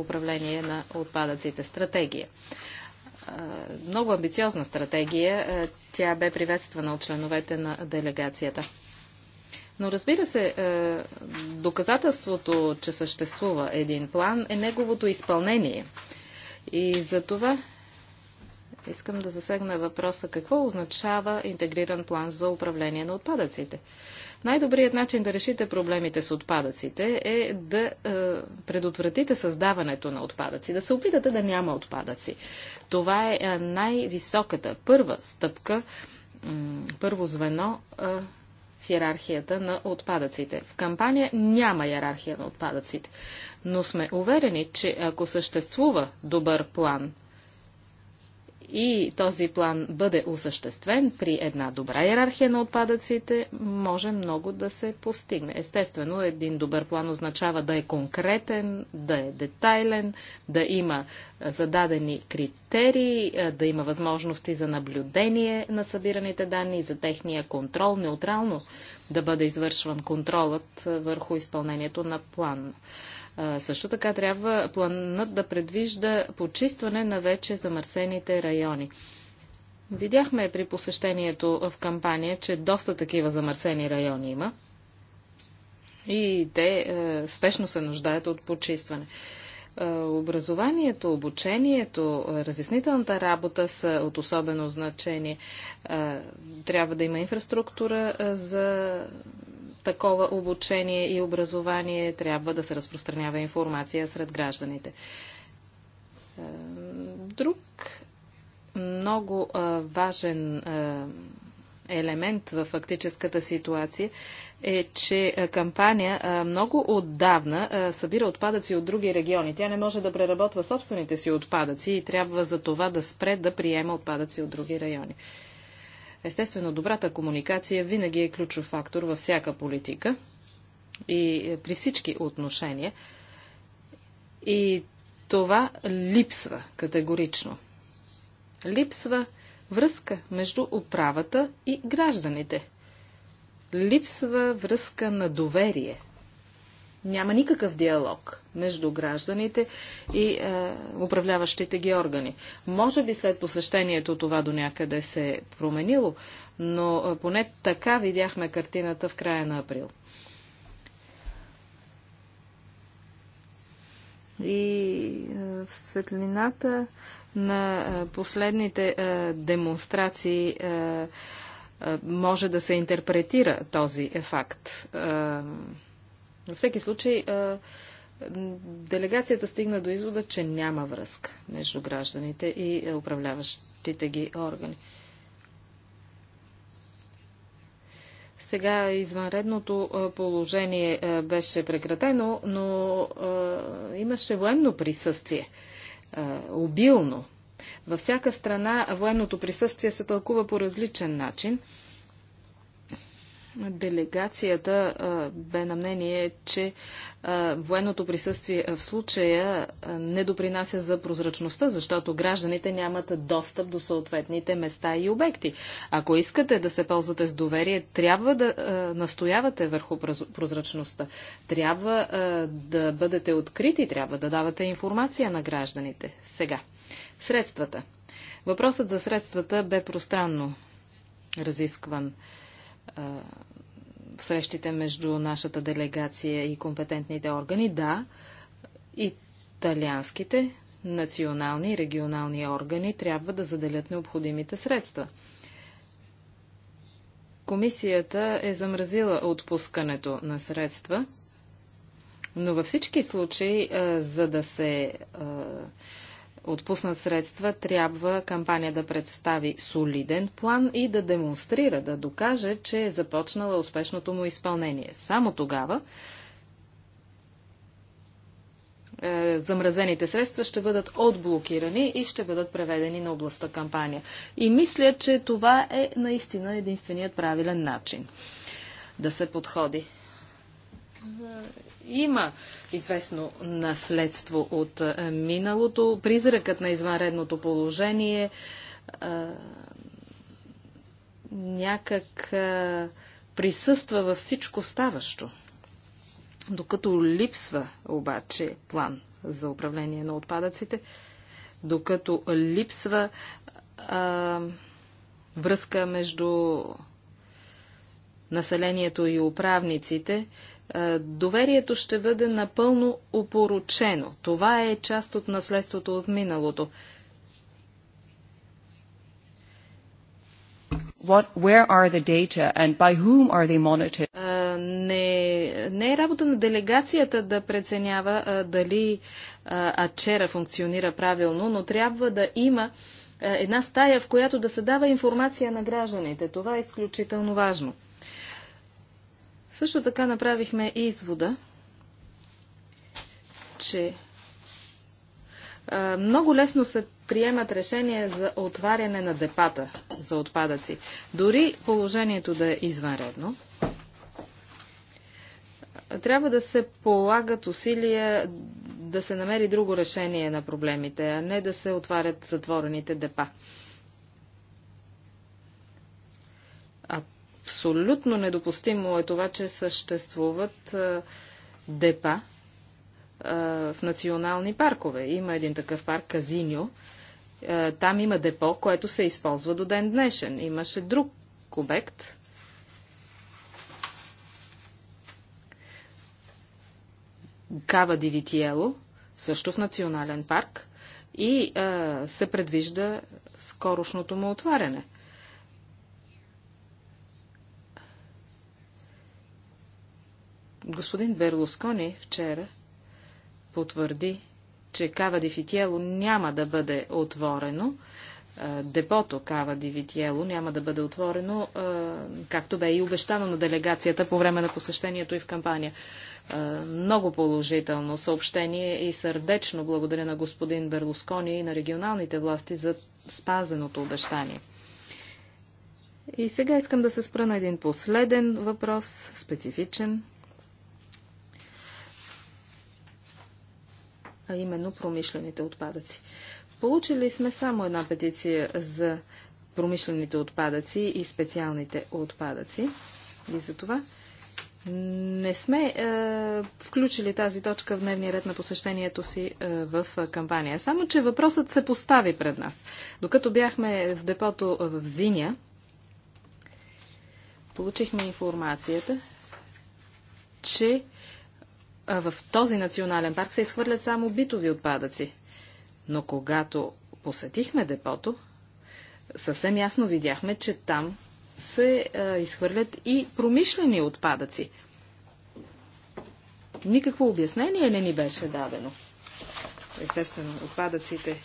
управление на отпадъците, стратегия. Е, много амбициозна стратегия. Е, тя бе приветствана от членовете на делегацията. Но разбира се, е, доказателството, че съществува един план, е неговото изпълнение. И за това искам да засегна въпроса какво означава интегриран план за управление на отпадъците. Най-добрият начин да решите проблемите с отпадъците е да е, предотвратите създаването на отпадъци, да се опитате да няма отпадъци. Това е, е най-високата първа стъпка, първо звено е, в иерархията на отпадъците. В кампания няма иерархия на отпадъците, но сме уверени, че ако съществува добър план и този план бъде осъществен при една добра иерархия на отпадъците, може много да се постигне. Естествено, един добър план означава да е конкретен, да е детайлен, да има зададени критерии, да има възможности за наблюдение на събираните данни, за техния контрол, неутрално да бъде извършван контролът върху изпълнението на план. Също така трябва планът да предвижда почистване на вече замърсените райони. Видяхме при посещението в кампания, че доста такива замърсени райони има и те е, спешно се нуждаят от почистване. Е, образованието, обучението, разяснителната работа са от особено значение. Е, трябва да има инфраструктура е, за такова обучение и образование, трябва да се разпространява информация сред гражданите. Е, друг много е, важен е, елемент в фактическата ситуация е, че кампания много отдавна събира отпадъци от други региони. Тя не може да преработва собствените си отпадъци и трябва за това да спре да приема отпадъци от други райони. Естествено, добрата комуникация винаги е ключов фактор във всяка политика и е, при всички отношения. И това липсва категорично. Липсва връзка между управата и гражданите. Липсва връзка на доверие няма никакъв диалог между гражданите и е, управляващите ги органи. Може би след посещението това до някъде се е променило, но е, поне така видяхме картината в края на април. И е, в светлината на е, последните е, демонстрации е, е може да се интерпретира този е факт. Е, на всеки случай, делегацията стигна до извода, че няма връзка между гражданите и е, управляващите ги органи. Сега извънредното положение беше прекратено, но имаше военно присъствие. Обилно. Във всяка страна военното присъствие се тълкува по различен начин – Делегацията бе на мнение, че военното присъствие в случая не допринася за прозрачността, защото гражданите нямат достъп до съответните места и обекти. Ако искате да се ползвате с доверие, трябва да настоявате върху прозрачността. Трябва да бъдете открити, трябва да давате информация на гражданите. Сега. Средствата. Въпросът за средствата бе пространно разискван срещите между нашата делегация и компетентните органи. Да, италианските национални и регионални органи трябва да заделят необходимите средства. Комисията е замразила отпускането на средства, но във всички случаи, за да се отпуснат средства, трябва кампания да представи солиден план и да демонстрира, да докаже, че е започнала успешното му изпълнение. Само тогава е, замразените средства ще бъдат отблокирани и ще бъдат преведени на областта кампания. И мисля, че това е наистина единственият правилен начин да се подходи има известно наследство от е, миналото. Призракът на извънредното положение а, е, някак а, е, присъства във всичко ставащо. Докато липсва обаче план за управление на отпадъците, докато липсва а, връзка между населението и управниците, е, доверието ще бъде напълно опоручено. Това е част от наследството от миналото. What, where are the data and by whom are they monitored? Е, не, не е работа на делегацията да преценява а, е, дали Ачера функционира правилно, но трябва да има а, една стая, в която да се дава информация на гражданите. Това е изключително важно. Също така направихме извода, че много лесно се приемат решения за отваряне на депата за отпадъци. Дори положението да е извънредно, трябва да се полагат усилия да се намери друго решение на проблемите, а не да се отварят затворените депа. Абсолютно недопустимо е това, че съществуват а, депа а, в национални паркове. Има един такъв парк Казиньо. А, там има депо, което се използва до ден днешен. Имаше друг обект. Кава Дивитиело, също в национален парк. И а, се предвижда скорошното му отваряне – Господин Берлускони вчера потвърди, че Кава Ди няма да бъде отворено. Е, депото Кава Ди няма да бъде отворено, е, както бе и обещано на делегацията по време на посещението и в кампания. Е, много положително съобщение и сърдечно благодаря на господин Берлускони и на регионалните власти за спазеното обещание. И сега искам да се спра на един последен въпрос, специфичен, а именно промишлените отпадъци. Получили сме само една петиция за промишлените отпадъци и специалните отпадъци. И за това не сме е, включили тази точка в дневния ред на посещението си е, в кампания. Само, че въпросът се постави пред нас. Докато бяхме в депото в Зиня, получихме информацията, че в този национален парк се изхвърлят само битови отпадъци. Но когато посетихме депото, съвсем ясно видяхме, че там се а, изхвърлят и промишлени отпадъци. Никакво обяснение не ни беше дадено. Естествено, отпадъците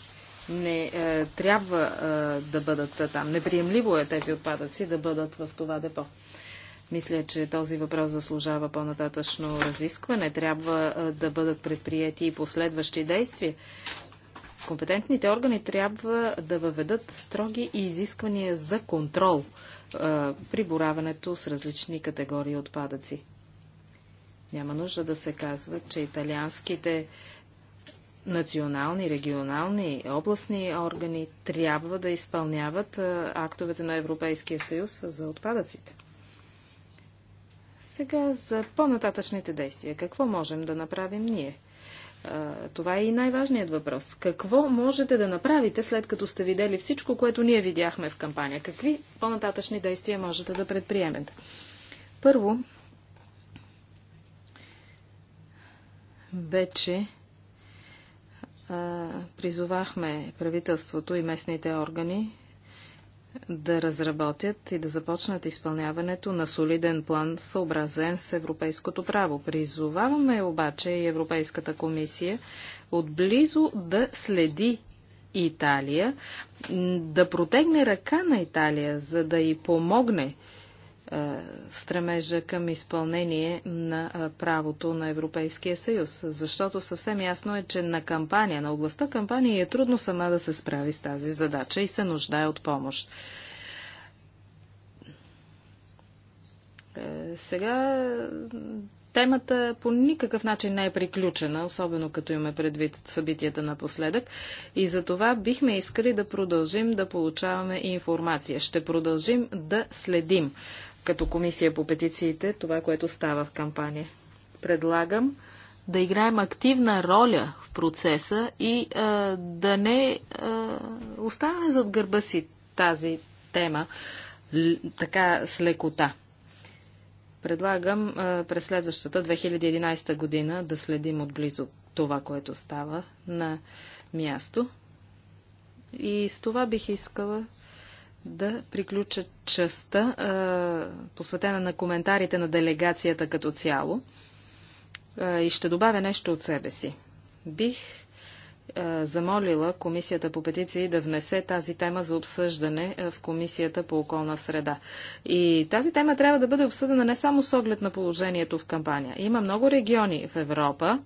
не е, трябва е, да бъдат там. Неприемливо е тези отпадъци да бъдат в това депо. Мисля, че този въпрос заслужава по-нататъчно разискване. Трябва да бъдат предприяти и последващи действия. Компетентните органи трябва да въведат строги изисквания за контрол при бораването с различни категории отпадъци. Няма нужда да се казва, че италианските национални, регионални, областни органи трябва да изпълняват актовете на Европейския съюз за отпадъците. Сега за по-нататъчните действия. Какво можем да направим ние? Това е и най-важният въпрос. Какво можете да направите, след като сте видели всичко, което ние видяхме в кампания? Какви по-нататъчни действия можете да предприемете? Първо, вече а, призовахме правителството и местните органи да разработят и да започнат изпълняването на солиден план, съобразен с европейското право. Призоваваме обаче и Европейската комисия отблизо да следи Италия, да протегне ръка на Италия, за да й помогне е, стремежа към изпълнение на е, правото на Европейския съюз. Защото съвсем ясно е, че на кампания, на областта кампания е трудно сама да се справи с тази задача и се нуждае от помощ. Е, сега темата по никакъв начин не е приключена, особено като имаме предвид събитията напоследък. И за това бихме искали да продължим да получаваме информация. Ще продължим да следим като комисия по петициите това, което става в кампания. Предлагам да играем активна роля в процеса и а, да не а, оставяме зад гърба си тази тема така с лекота. Предлагам а, през следващата 2011 година да следим отблизо това, което става на място. И с това бих искала да приключа частта, посветена на коментарите на делегацията като цяло. И ще добавя нещо от себе си. Бих замолила Комисията по петиции да внесе тази тема за обсъждане в Комисията по околна среда. И тази тема трябва да бъде обсъдена не само с оглед на положението в кампания. Има много региони в Европа,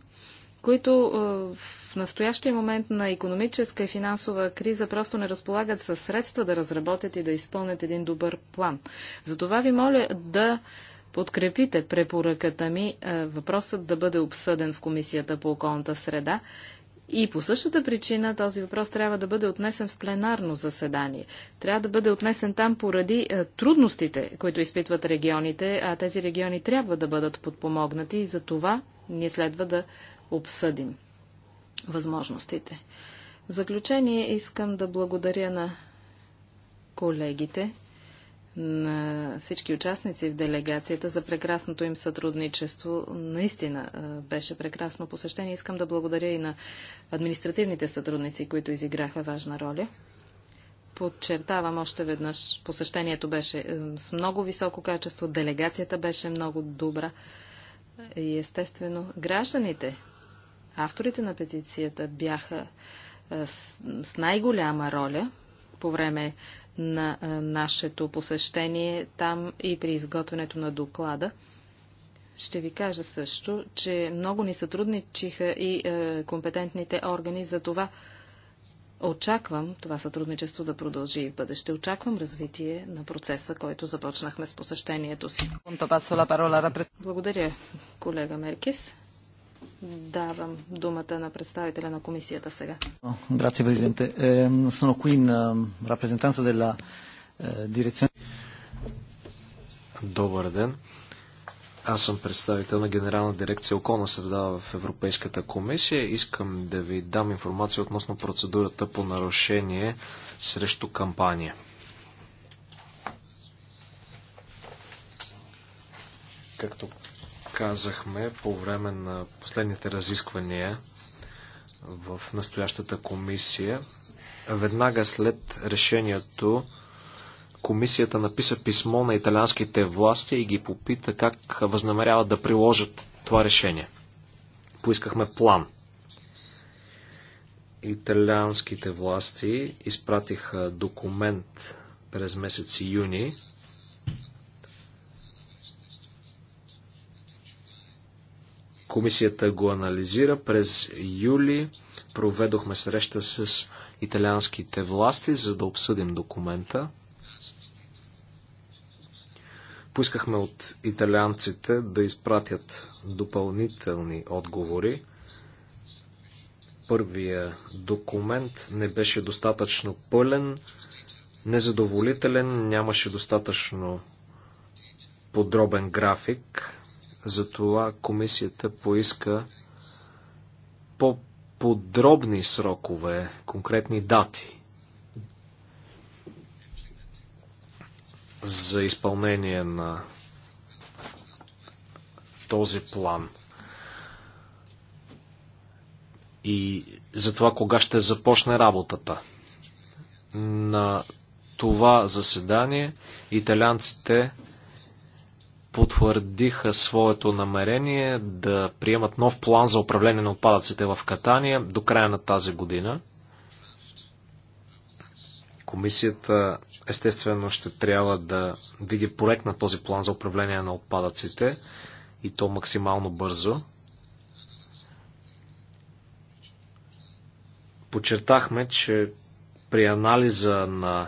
които е, в настоящия момент на економическа и финансова криза просто не разполагат със средства да разработят и да изпълнят един добър план. Затова ви моля да подкрепите препоръката ми е, въпросът да бъде обсъден в Комисията по околната среда и по същата причина този въпрос трябва да бъде отнесен в пленарно заседание. Трябва да бъде отнесен там поради е, трудностите, които изпитват регионите, а тези региони трябва да бъдат подпомогнати и за това ние следва да обсъдим възможностите. В заключение искам да благодаря на колегите, на всички участници в делегацията за прекрасното им сътрудничество. Наистина беше прекрасно посещение. Искам да благодаря и на административните сътрудници, които изиграха важна роля. Подчертавам още веднъж, посещението беше с много високо качество, делегацията беше много добра и е, естествено гражданите авторите на петицията бяха е, с, най-голяма роля по време на е, нашето посещение там и при изготвянето на доклада. Ще ви кажа също, че много ни сътрудничиха и е, компетентните органи за това. Очаквам това сътрудничество да продължи и в бъдеще. Очаквам развитие на процеса, който започнахме с посещението си. Благодаря, колега Меркис. Давам думата на представителя на комисията сега. Grazie, Presidente. sono qui in rappresentanza della е, direzione. Добър ден. Аз съм представител на Генерална дирекция околна среда в Европейската комисия. Искам да ви дам информация относно процедурата по нарушение срещу кампания. Както казахме по време на последните разисквания в настоящата комисия. Веднага след решението комисията написа писмо на италианските власти и ги попита как възнамеряват да приложат това решение. Поискахме план. Италианските власти изпратиха документ през месец юни Комисията го анализира през юли. Проведохме среща с италианските власти, за да обсъдим документа. Поискахме от италианците да изпратят допълнителни отговори. Първия документ не беше достатъчно пълен, незадоволителен, нямаше достатъчно подробен график. Затова комисията поиска по-подробни срокове, конкретни дати за изпълнение на този план. И за това кога ще започне работата. На това заседание италянците потвърдиха своето намерение да приемат нов план за управление на отпадъците в Катания до края на тази година. Комисията естествено ще трябва да види проект на този план за управление на отпадъците и то максимално бързо. Почертахме, че при анализа на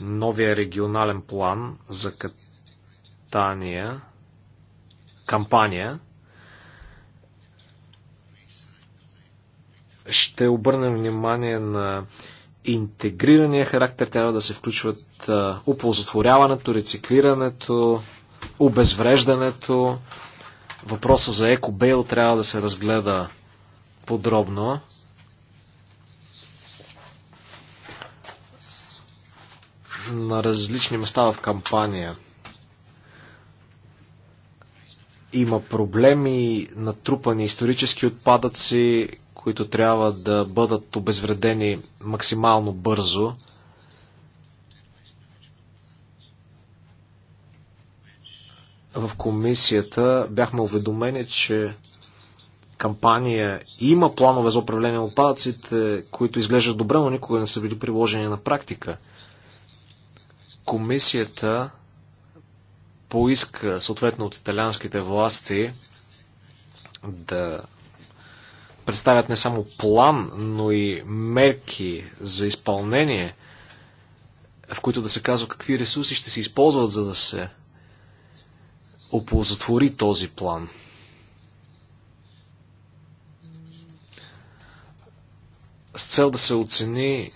новия регионален план за Катания кампания, кампания ще обърнем внимание на интегрирания характер. Трябва да се включват оползотворяването, рециклирането, обезвреждането. Въпроса за екобейл трябва да се разгледа подробно. На различни места в кампания – има проблеми, натрупани исторически отпадъци, които трябва да бъдат обезвредени максимално бързо. В комисията бяхме уведомени, че кампания има планове за управление на отпадъците, които изглеждат добре, но никога не са били приложени на практика. Комисията поиска съответно от италианските власти да представят не само план, но и мерки за изпълнение, в които да се казва какви ресурси ще се използват, за да се оползотвори този план. С цел да се оцени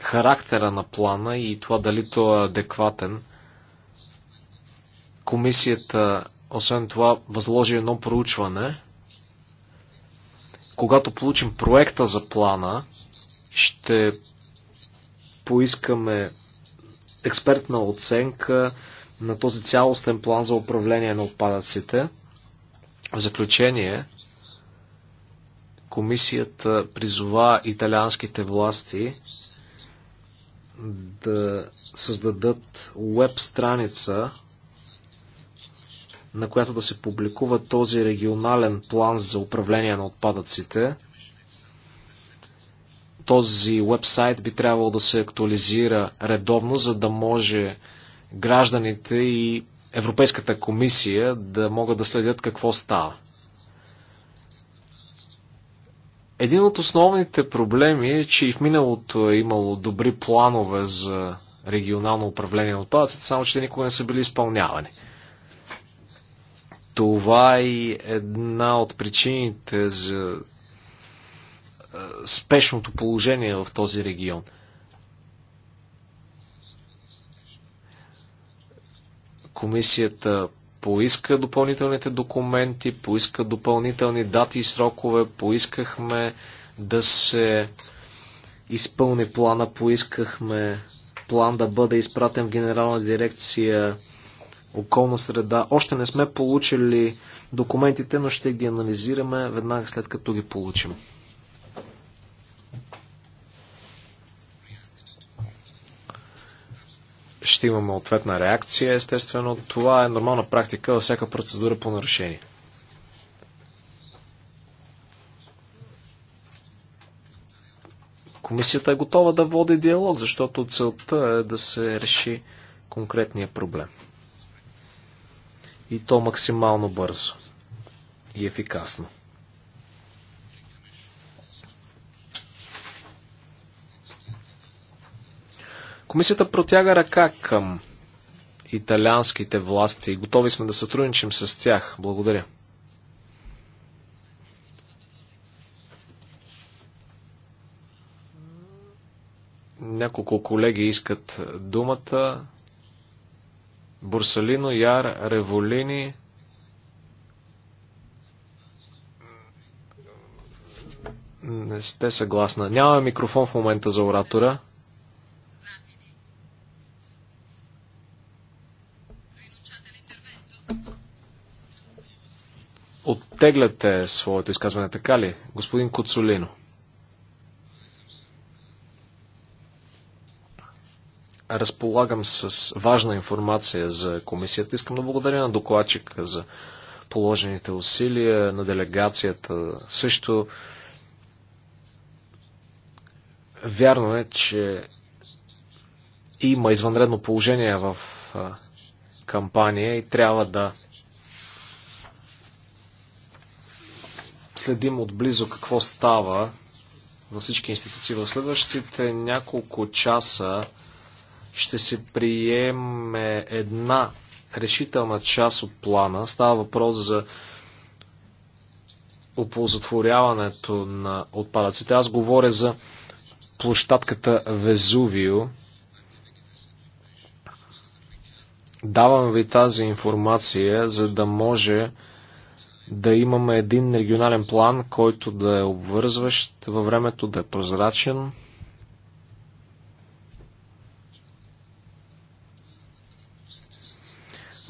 характера на плана и това дали то е адекватен – Комисията, освен това, възложи едно проучване. Когато получим проекта за плана, ще поискаме експертна оценка на този цялостен план за управление на отпадъците. В заключение, комисията призова италианските власти да създадат веб страница на която да се публикува този регионален план за управление на отпадъците. Този вебсайт би трябвало да се актуализира редовно, за да може гражданите и Европейската комисия да могат да следят какво става. Един от основните проблеми е, че и в миналото е имало добри планове за регионално управление на отпадъците, само че те никога не са били изпълнявани. Това е една от причините за спешното положение в този регион. Комисията поиска допълнителните документи, поиска допълнителни дати и срокове, поискахме да се изпълни плана, поискахме план да бъде изпратен в Генерална дирекция околна среда. Още не сме получили документите, но ще ги анализираме веднага след като ги получим. Ще имаме ответна реакция, естествено. Това е нормална практика във всяка процедура по нарушение. Комисията е готова да води диалог, защото целта е да се реши конкретния проблем и то максимално бързо и ефикасно. Комисията протяга ръка към италианските власти и готови сме да сътрудничим с тях. Благодаря. Няколко колеги искат думата. Бурсалино, Яр, Револини. Не сте съгласна. Няма микрофон в момента за оратора. Оттегляте своето изказване, така ли? Господин Куцулино. разполагам с важна информация за комисията. Искам да благодаря на докладчика за положените усилия, на делегацията също. Вярно е, че има извънредно положение в кампания и трябва да следим отблизо какво става във всички институции. В следващите няколко часа ще се приеме една решителна част от плана. Става въпрос за оползотворяването на отпадъците. Аз говоря за площадката Везувио. Давам ви тази информация, за да може да имаме един регионален план, който да е обвързващ във времето, да е прозрачен,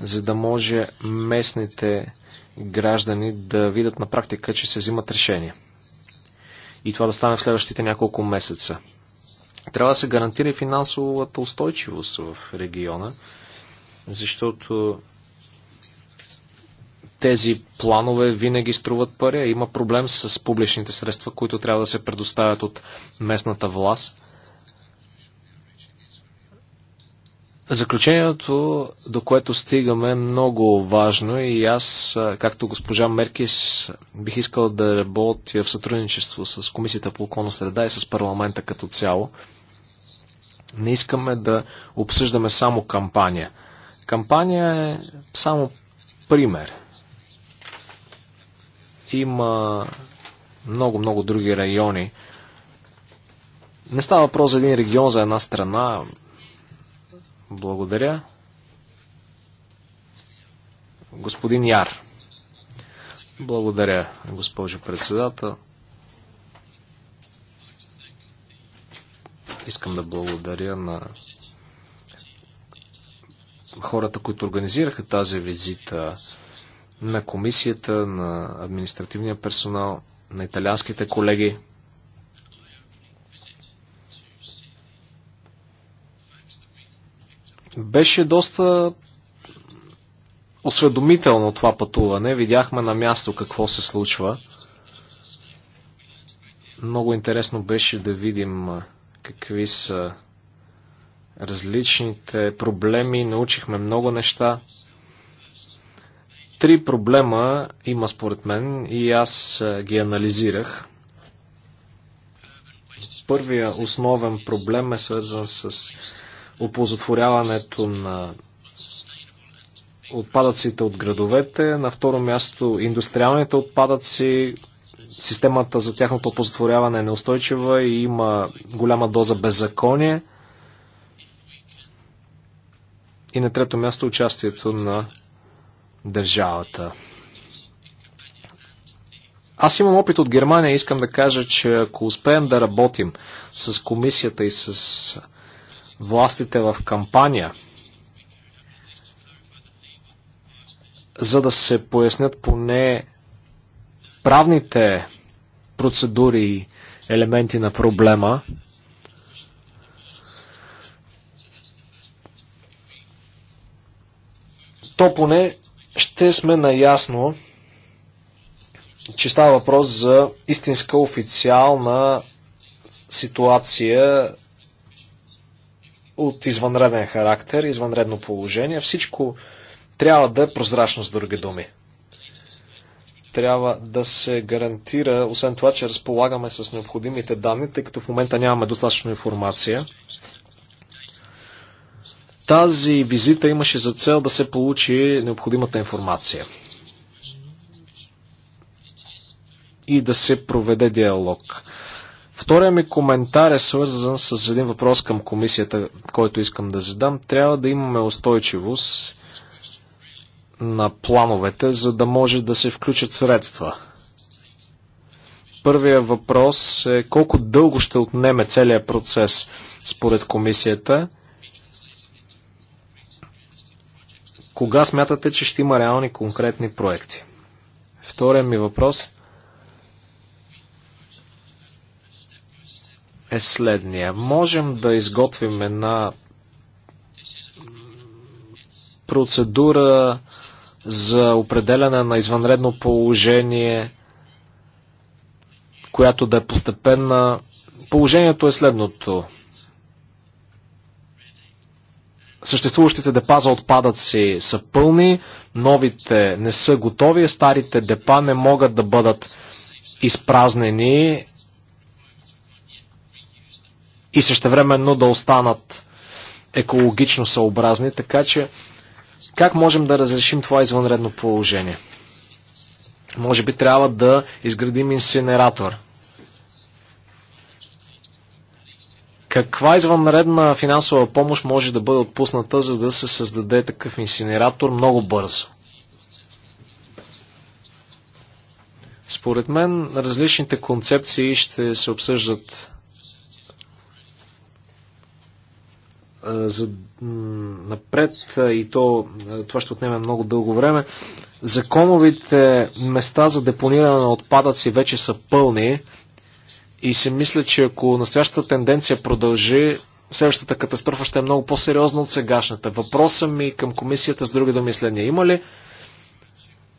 за да може местните граждани да видят на практика, че се взимат решения. И това да стане в следващите няколко месеца. Трябва да се гарантира и финансовата устойчивост в региона, защото тези планове винаги струват пари. Има проблем с публичните средства, които трябва да се предоставят от местната власт. Заключението, до което стигаме, е много важно и аз, както госпожа Меркис, бих искал да работя в сътрудничество с Комисията по околна среда и с парламента като цяло. Не искаме да обсъждаме само кампания. Кампания е само пример. Има много-много други райони. Не става въпрос за един регион, за една страна. Благодаря. Господин Яр. Благодаря, госпожо председател. Искам да благодаря на хората, които организираха тази визита на комисията, на административния персонал, на италианските колеги. Беше доста осведомително това пътуване. Видяхме на място какво се случва. Много интересно беше да видим какви са различните проблеми. Научихме много неща. Три проблема има според мен и аз ги анализирах. Първия основен проблем е свързан с оползотворяването на отпадъците от градовете, на второ място индустриалните отпадъци, системата за тяхното оползотворяване е неустойчива и има голяма доза беззаконие. И на трето място участието на държавата. Аз имам опит от Германия и искам да кажа, че ако успеем да работим с комисията и с властите в кампания, за да се пояснят поне правните процедури и елементи на проблема. То поне ще сме наясно, че става въпрос за истинска официална ситуация от извънреден характер, извънредно положение. Всичко трябва да е прозрачно с други думи. Трябва да се гарантира, освен това, че разполагаме с необходимите данни, тъй като в момента нямаме достатъчно информация. Тази визита имаше за цел да се получи необходимата информация и да се проведе диалог. Втория ми коментар е свързан с един въпрос към комисията, който искам да задам. Трябва да имаме устойчивост на плановете, за да може да се включат средства. Първия въпрос е колко дълго ще отнеме целият процес според комисията. Кога смятате, че ще има реални конкретни проекти? Втория ми въпрос е следния. Можем да изготвим една процедура за определяне на извънредно положение, която да е постепенна. Положението е следното. Съществуващите депа за отпадъци са пълни, новите не са готови, старите депа не могат да бъдат изпразнени и същевременно да останат екологично съобразни, така че как можем да разрешим това извънредно положение? Може би трябва да изградим инсинератор. Каква извънредна финансова помощ може да бъде отпусната, за да се създаде такъв инсинератор много бързо? Според мен различните концепции ще се обсъждат за напред и то, това ще отнеме много дълго време. Законовите места за депониране на отпадъци вече са пълни и се мисля, че ако настоящата тенденция продължи, следващата катастрофа ще е много по-сериозна от сегашната. Въпросът ми към комисията с други домисления. Е Има ли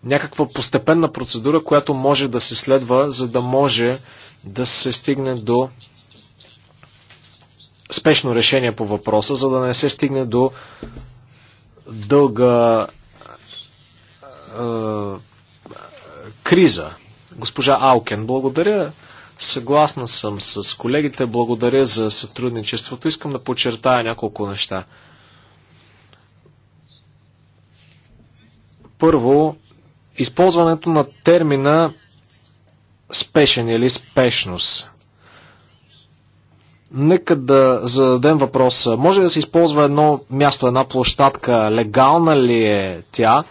някаква постепенна процедура, която може да се следва, за да може да се стигне до спешно решение по въпроса, за да не се стигне до дълга е, криза. Госпожа Алкен, благодаря. Съгласна съм с колегите. Благодаря за сътрудничеството. Искам да подчертая няколко неща. Първо, използването на термина спешен или спешност. Нека да зададем въпроса. Може да се използва едно място, една площадка? Легална ли е тя?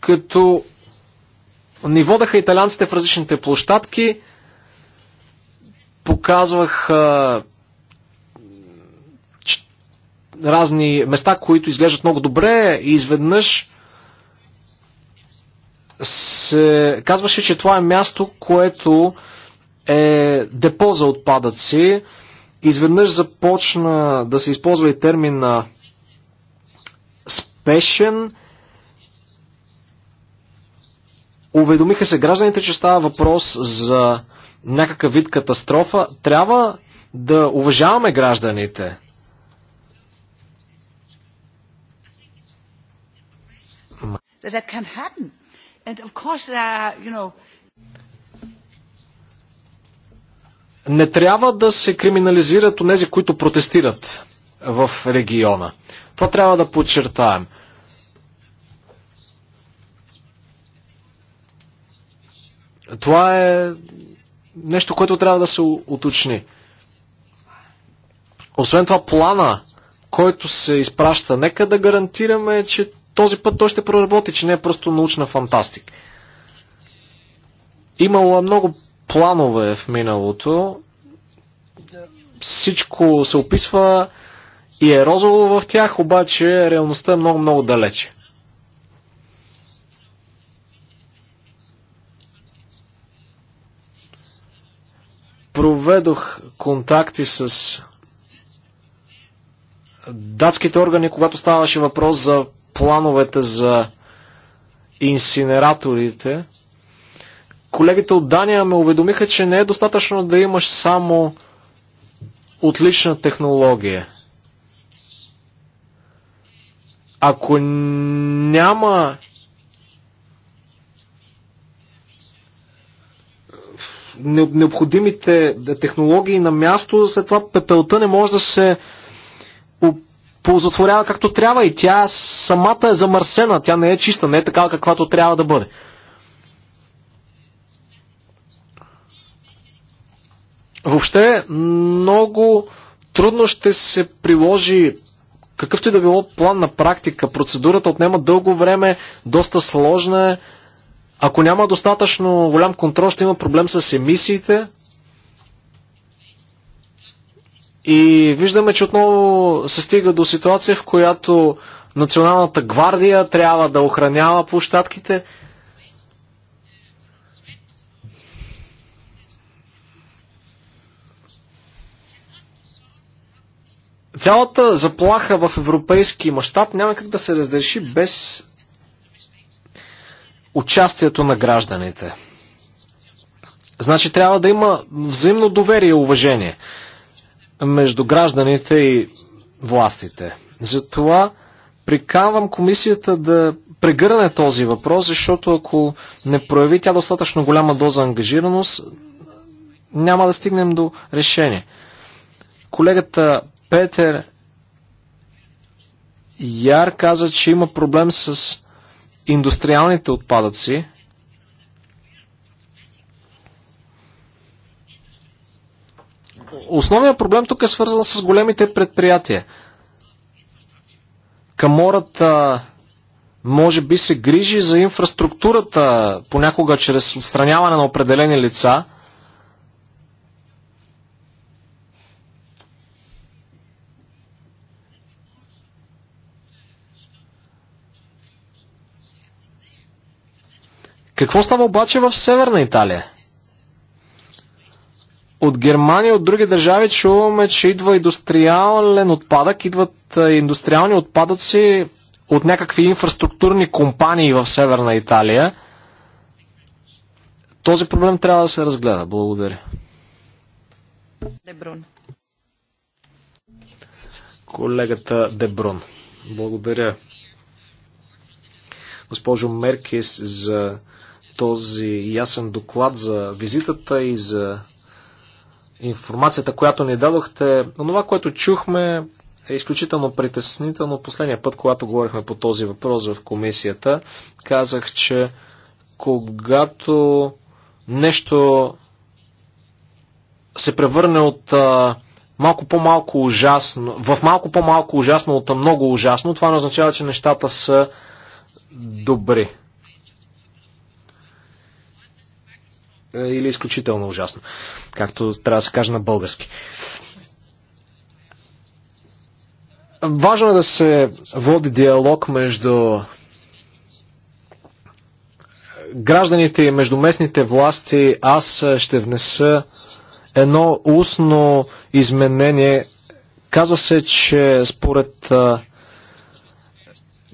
Като ни водаха италянците в различните площадки, показвах разни места, които изглеждат много добре и изведнъж се казваше, че това е място, което е депо за отпадъци. Изведнъж започна да се използва и термина спешен. Уведомиха се гражданите, че става въпрос за някакъв вид катастрофа. Трябва да уважаваме гражданите. that that can happen. And of course, there are, you know, не трябва да се криминализират онези, които протестират в региона. Това трябва да подчертаем. Това е нещо, което трябва да се уточни. Освен това, плана, който се изпраща, нека да гарантираме, че този път той ще проработи, че не е просто научна фантастика. Имало е много планове в миналото. Всичко се описва и е розово в тях, обаче реалността е много-много далече. Проведох контакти с датските органи, когато ставаше въпрос за плановете за инсинераторите. Колегите от Дания ме уведомиха, че не е достатъчно да имаш само отлична технология. Ако няма необходимите технологии на място, след това пепелта не може да се ползотворява както трябва и тя самата е замърсена, тя не е чиста, не е такава каквато трябва да бъде. Въобще много трудно ще се приложи какъвто и да било план на практика. Процедурата отнема дълго време, доста сложна е. Ако няма достатъчно голям контрол, ще има проблем с емисиите. И виждаме, че отново се стига до ситуация, в която Националната гвардия трябва да охранява площадките. Цялата заплаха в европейски мащаб няма как да се разреши без участието на гражданите. Значи трябва да има взаимно доверие и уважение между гражданите и властите. Затова приканвам комисията да прегърне този въпрос, защото ако не прояви тя достатъчно голяма доза ангажираност, няма да стигнем до решение. Колегата Петър Яр каза, че има проблем с индустриалните отпадъци. Основният проблем тук е свързан с големите предприятия. Камората може би се грижи за инфраструктурата, понякога чрез отстраняване на определени лица. Какво става обаче в Северна Италия? От Германия, от други държави чуваме, че идва индустриален отпадък, идват индустриални отпадъци от някакви инфраструктурни компании в Северна Италия. Този проблем трябва да се разгледа. Благодаря. Дебрун. Колегата Дебрун. Благодаря. Госпожо Меркес, за този ясен доклад за визитата и за информацията, която ни дадохте. Но това, което чухме, е изключително притеснително. Последния път, когато говорихме по този въпрос в комисията, казах, че когато нещо се превърне от а, малко по-малко ужасно, в малко по-малко ужасно от много ужасно, това не означава, че нещата са добри. Е, или е изключително ужасно, както трябва да се каже на български. Важно е да се води диалог между гражданите и между местните власти. Аз ще внеса едно устно изменение. Казва се, че според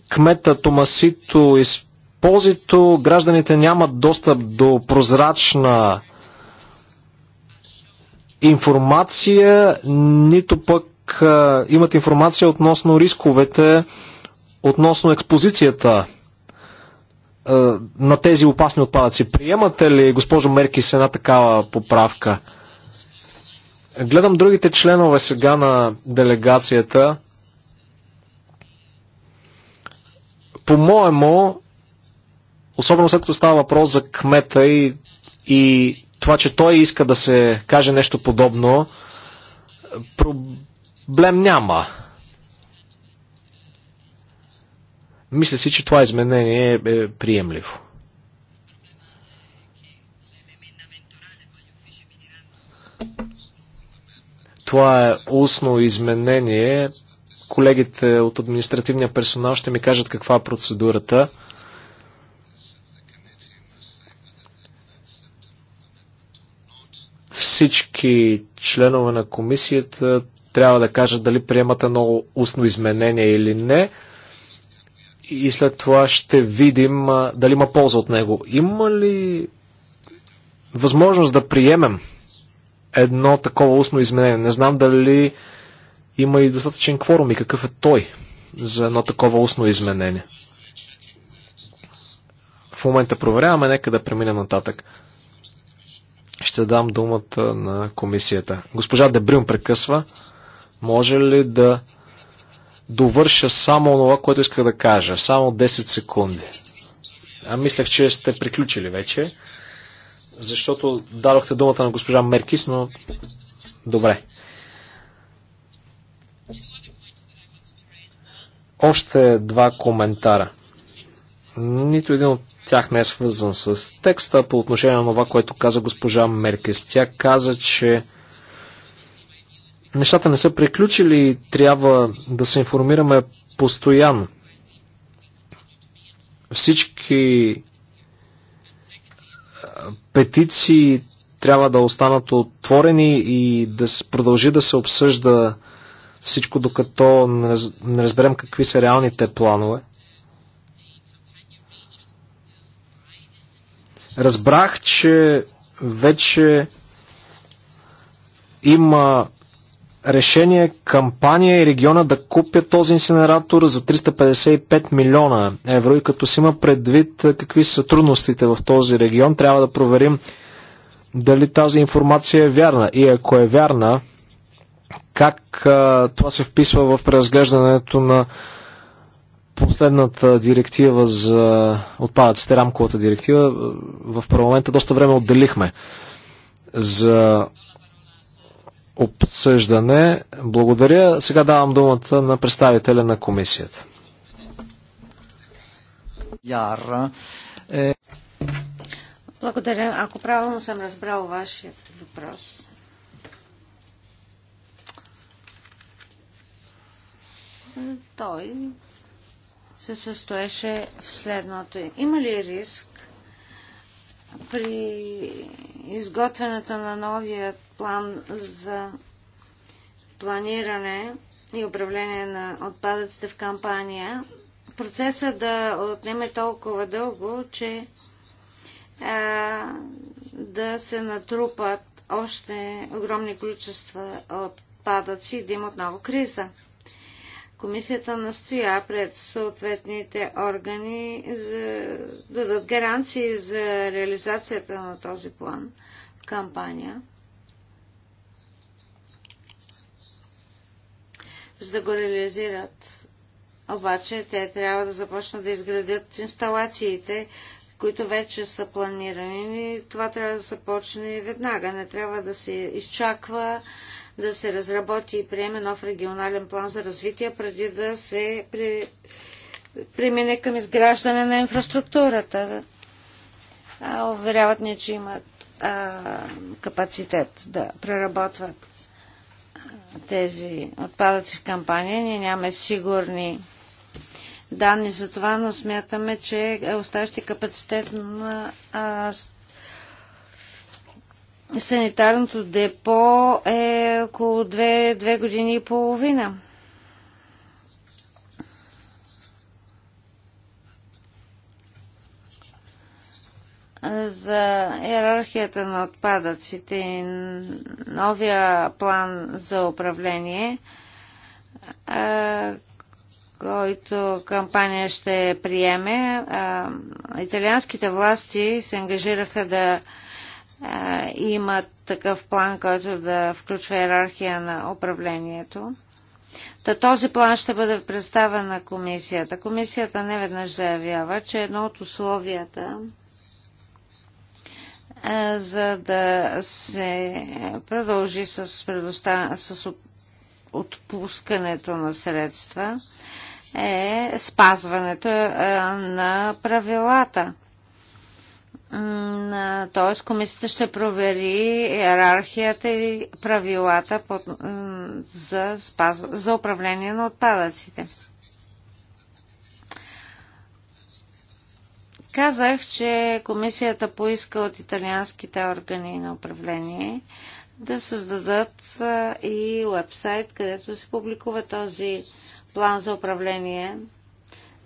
кмета Томасито из ползито, гражданите нямат достъп до прозрачна информация, нито пък а, имат информация относно рисковете, относно експозицията а, на тези опасни отпадъци. Приемате ли, госпожо Мерки, с една такава поправка? Гледам другите членове сега на делегацията. По-моему, Особено след като става въпрос за кмета и, и това, че той иска да се каже нещо подобно, проблем няма. Мисля си, че това изменение е, е приемливо. Това е устно изменение. Колегите от административния персонал ще ми кажат каква е процедурата. Всички членове на комисията трябва да кажат дали приемат едно устно изменение или не. И след това ще видим дали има полза от него. Има ли възможност да приемем едно такова устно изменение? Не знам дали има и достатъчен кворум и какъв е той за едно такова устно изменение. В момента проверяваме, нека да преминем нататък ще дам думата на комисията. Госпожа Дебрин прекъсва. Може ли да довърша само това, което исках да кажа? Само 10 секунди. А мислех, че сте приключили вече, защото дадохте думата на госпожа Меркис, но добре. Още два коментара. Нито един от тях не е свързан с текста. По отношение на това, което каза госпожа Меркес, тя каза, че нещата не са приключили и трябва да се информираме постоянно. Всички петиции трябва да останат отворени и да продължи да се обсъжда всичко, докато не разберем какви са реалните планове. Разбрах, че вече има решение кампания и региона да купят този инсинератор за 355 милиона евро и като си има предвид какви са трудностите в този регион, трябва да проверим дали тази информация е вярна. И ако е вярна, как а, това се вписва в преразглеждането на последната директива за отпадъците, рамковата директива, в парламента доста време отделихме за обсъждане. Благодаря. Сега давам думата на представителя на комисията. Яра. Е... Благодаря. Ако правилно съм разбрал вашия въпрос. Той се състоеше в следното. Има ли риск при изготвянето на новия план за планиране и управление на отпадъците в кампания, процеса да отнеме толкова дълго, че а, да се натрупат още огромни количества отпадъци и да има отново криза. Комисията настоя пред съответните органи за да дадат гаранции за реализацията на този план в кампания, за да го реализират. Обаче те трябва да започнат да изградят инсталациите, които вече са планирани. Това трябва да започне веднага. Не трябва да се изчаква да се разработи и приеме нов регионален план за развитие, преди да се при... премине към изграждане на инфраструктурата. А, уверяват ни, че имат а, капацитет да преработват тези отпадъци в кампания. Ние нямаме сигурни данни за това, но смятаме, че е оставащи капацитет на санитарното депо е около 2 години и половина. за иерархията на отпадъците и новия план за управление, който кампания ще приеме. Италианските власти се ангажираха да имат такъв план, който да включва иерархия на управлението. Та този план ще бъде представен на комисията. Комисията не веднъж заявява, че едно от условията за да се продължи с, предостав... с отпускането на средства е спазването на правилата Тоест, комисията ще провери иерархията и правилата под, за, спаз, за управление на отпадъците. Казах, че комисията поиска от италианските органи на управление да създадат и вебсайт, където се публикува този план за управление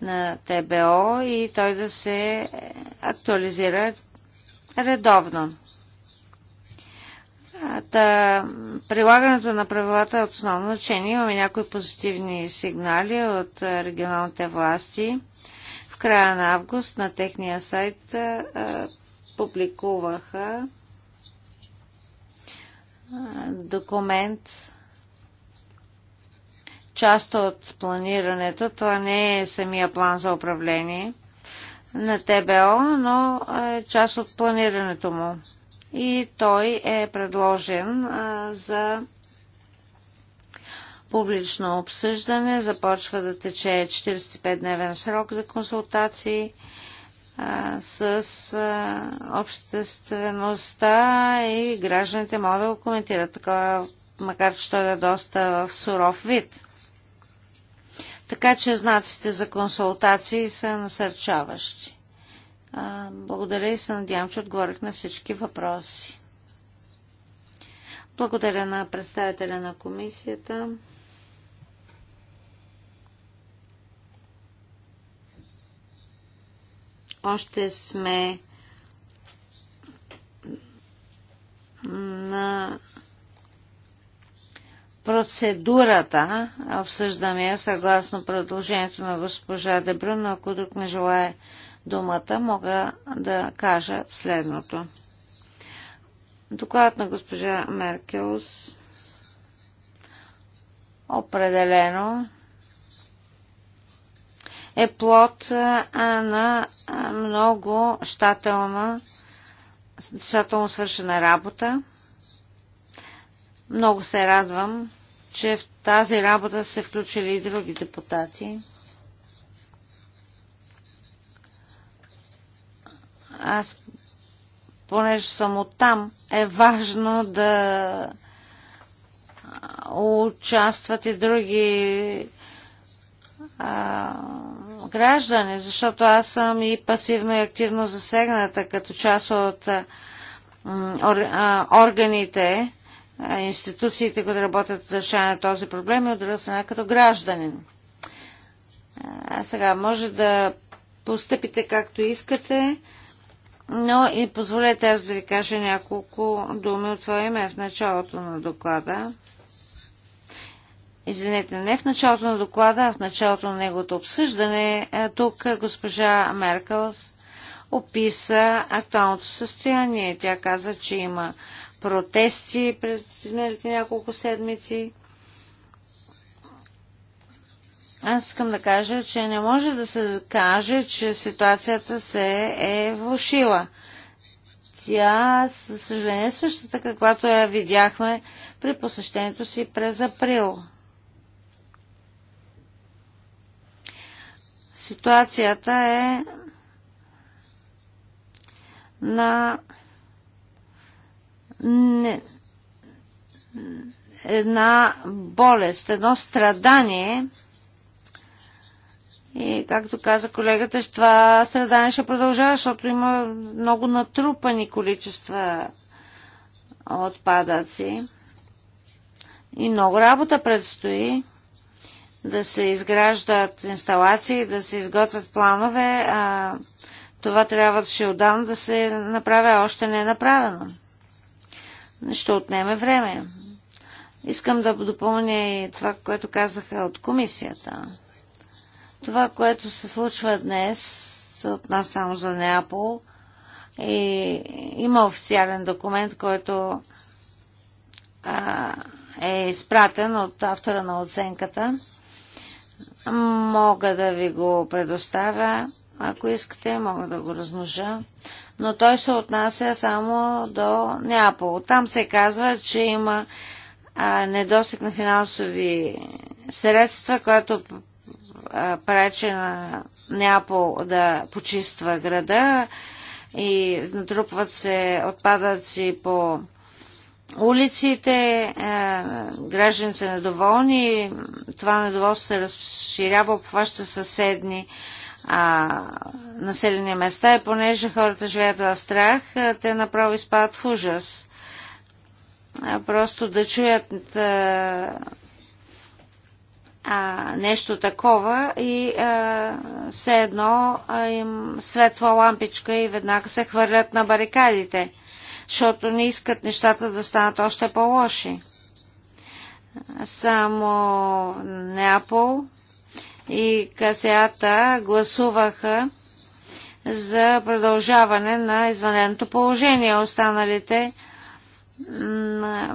на ТБО и той да се актуализира редовно. Та, прилагането на правилата е от основно значение. Имаме някои позитивни сигнали от регионалните власти. В края на август на техния сайт а, публикуваха а, документ част от планирането. Това не е самия план за управление на ТБО, но е част от планирането му. И той е предложен а, за публично обсъждане. Започва да тече 45-дневен срок за консултации а, с а, обществеността и гражданите могат да го коментират, така, макар че той е доста в суров вид. Така че знаците за консултации са насърчаващи. А, благодаря и се надявам, че отговорих на всички въпроси. Благодаря на представителя на комисията. Още сме на процедурата обсъждаме съгласно предложението на госпожа Дебрун, но ако друг не желая думата, мога да кажа следното. Доклад на госпожа Меркелс определено е плод на много щателна, щателно свършена работа. Много се радвам, че в тази работа се включили и други депутати. Аз, понеже съм там, е важно да участват и други а, граждани, защото аз съм и пасивно и активно засегната като част от а, органите институциите, които работят за решаване на този проблем и от друга страна като гражданин. А сега може да постъпите както искате, но и позволете аз да ви кажа няколко думи от своя име в началото на доклада. Извинете, не в началото на доклада, а в началото на неговото обсъждане. Тук госпожа Меркелс описа актуалното състояние. Тя каза, че има протести през изминалите няколко седмици. Аз искам да кажа, че не може да се каже, че ситуацията се е влушила. Тя, със съжаление, е същата, каквато я видяхме при посещението си през април. Ситуацията е на не, една болест, едно страдание. И както каза колегата, това страдание ще продължава, защото има много натрупани количества отпадъци. И много работа предстои да се изграждат инсталации, да се изготвят планове. А това трябваше отдавна да се направя, още не е направено ще отнеме време. Искам да допълня и това, което казаха от комисията. Това, което се случва днес, от нас само за Неапол. И има официален документ, който а, е изпратен от автора на оценката. Мога да ви го предоставя. Ако искате, мога да го размножа. Но той се отнася само до Неапол. Там се казва, че има а, недостиг на финансови средства, което пречи на Неапол да почиства града и натрупват се отпадъци по улиците, е, граждани са недоволни, това недоволство се разширява, обхваща съседни а, населени места и е, понеже хората живеят в страх, те направо изпадат в ужас. А, просто да чуят а, а, нещо такова и а, все едно а, им светва лампичка и веднага се хвърлят на барикадите, защото не искат нещата да станат още по-лоши. Само Неапол и КСА-та гласуваха за продължаване на извънредното положение. Останалите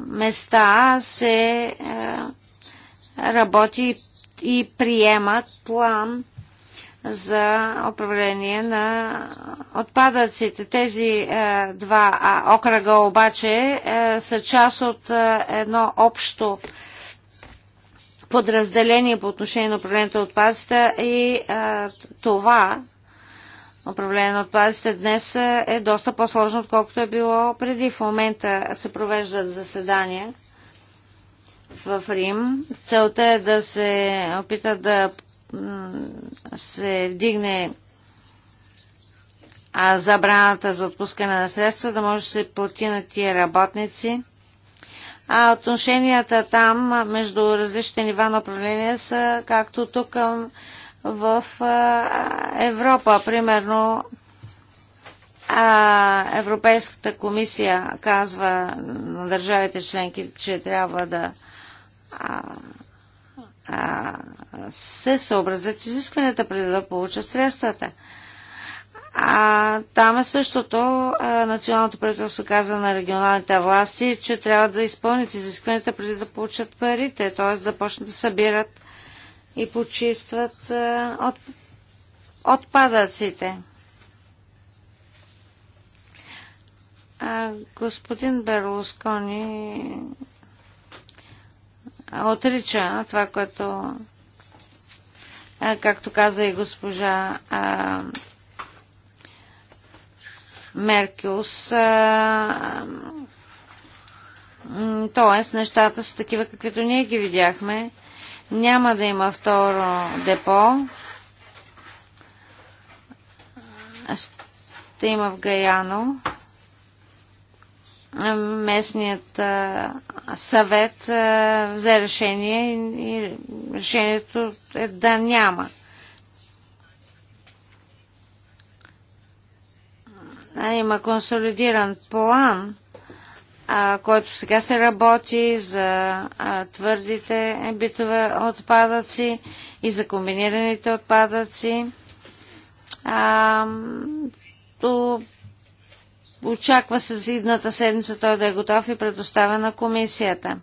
места се е, работи и приемат план за управление на отпадъците. Тези е, два окръга обаче е, са част от е, едно общо подразделение по отношение на управлението на отпадъците и а, това управление на отпадъците днес е доста по-сложно, отколкото е било преди. В момента се провеждат заседания в Рим. Целта е да се опита да се вдигне забраната за отпускане на средства, да може да се плати на тия работници а отношенията там между различните нива на управление са както тук в Европа. Примерно а, Европейската комисия казва на държавите членки, че трябва да а, а, се съобразят с изискванията преди да получат средствата. А, там е същото. А, националното правителство каза на регионалните власти, че трябва да изпълнят изискванията преди да получат парите, т.е. да почнат да събират и почистват а, от, отпадъците. А, господин Берлускони отрича това, което, а, както каза и госпожа а, Меркелс. Тоест, нещата са такива, каквито ние ги видяхме. Няма да има второ депо. Ще има в Гаяно. Местният съвет взе решение и решението е да няма Има консолидиран план, който сега се работи за твърдите битове отпадъци и за комбинираните отпадъци. Очаква се едната седмица той да е готов и предоставя на комисията.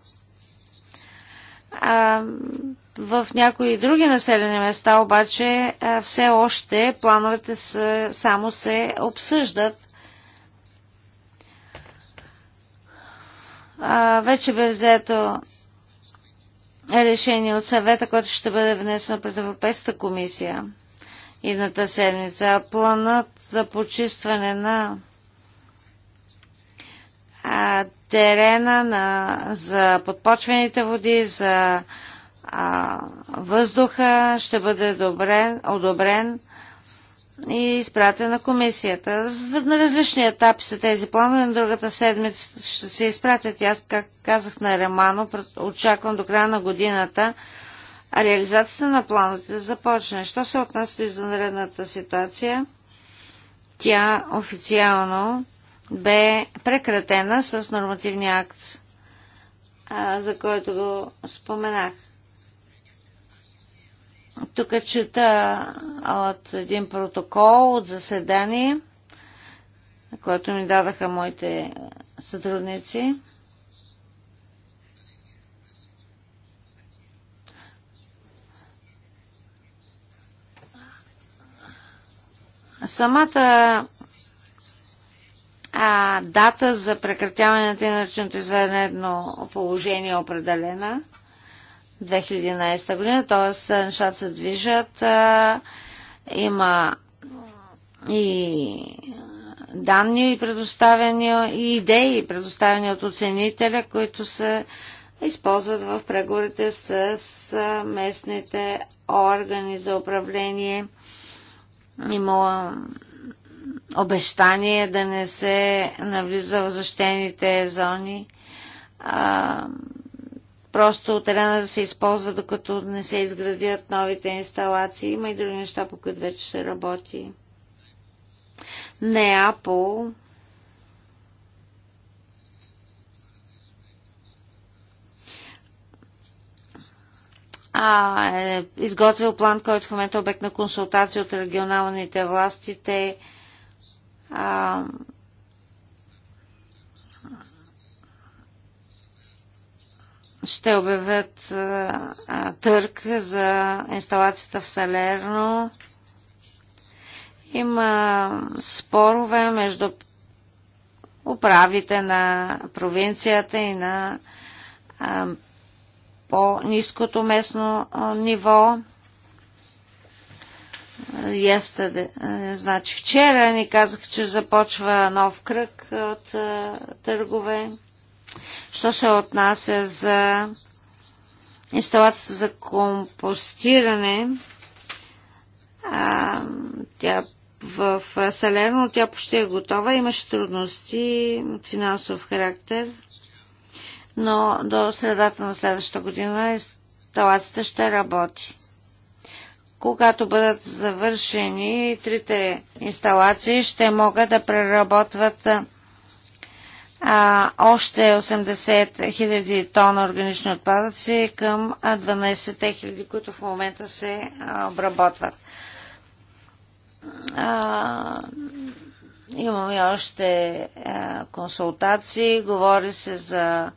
А, в някои други населени места обаче е, все още плановете са, само се обсъждат. А, вече бе взето решение от съвета, което ще бъде внесено пред Европейската комисия едната седмица. Планът за почистване на а, терена на, за подпочвените води, за а, въздуха ще бъде добрен, одобрен и изпратен на комисията. На различни етапи са тези планове, на другата седмица ще се изпратят. Аз, как казах на Ремано, очаквам до края на годината а реализацията на плановете да започне. Що се отнася до изнаредната ситуация? Тя официално бе прекратена с нормативния акт, за който го споменах. Тук чета от един протокол от заседание, което ми дадаха моите сътрудници. Самата а, дата за прекратяване на тенъчното изведено положение е определена – 2011 година, т.е. нещата се движат. Има и данни, и предоставени, и идеи, предоставени от оценителя, които се използват в преговорите с местните органи за управление. Има обещание да не се навлиза в защитените зони просто терена да се използва, докато не се изградят новите инсталации. Има и други неща, по които вече се работи. Apple. а, е изготвил план, който в момента е обект на консултация от регионалните власти. Те а, ще обявят търк за инсталацията в Салерно. Има спорове между управите на провинцията и на по-низкото местно ниво. Е, значи вчера ни казах, че започва нов кръг от търгове. Що се отнася за инсталацията за компостиране, а, тя в Салерно, тя почти е готова. Имаше трудности от финансов характер, но до средата на следващата година инсталацията ще работи. Когато бъдат завършени трите инсталации, ще могат да преработват а, още 80 000 тона органични отпадъци към 12 хиляди, които в момента се обработват. А, имаме още а, консултации, говори се за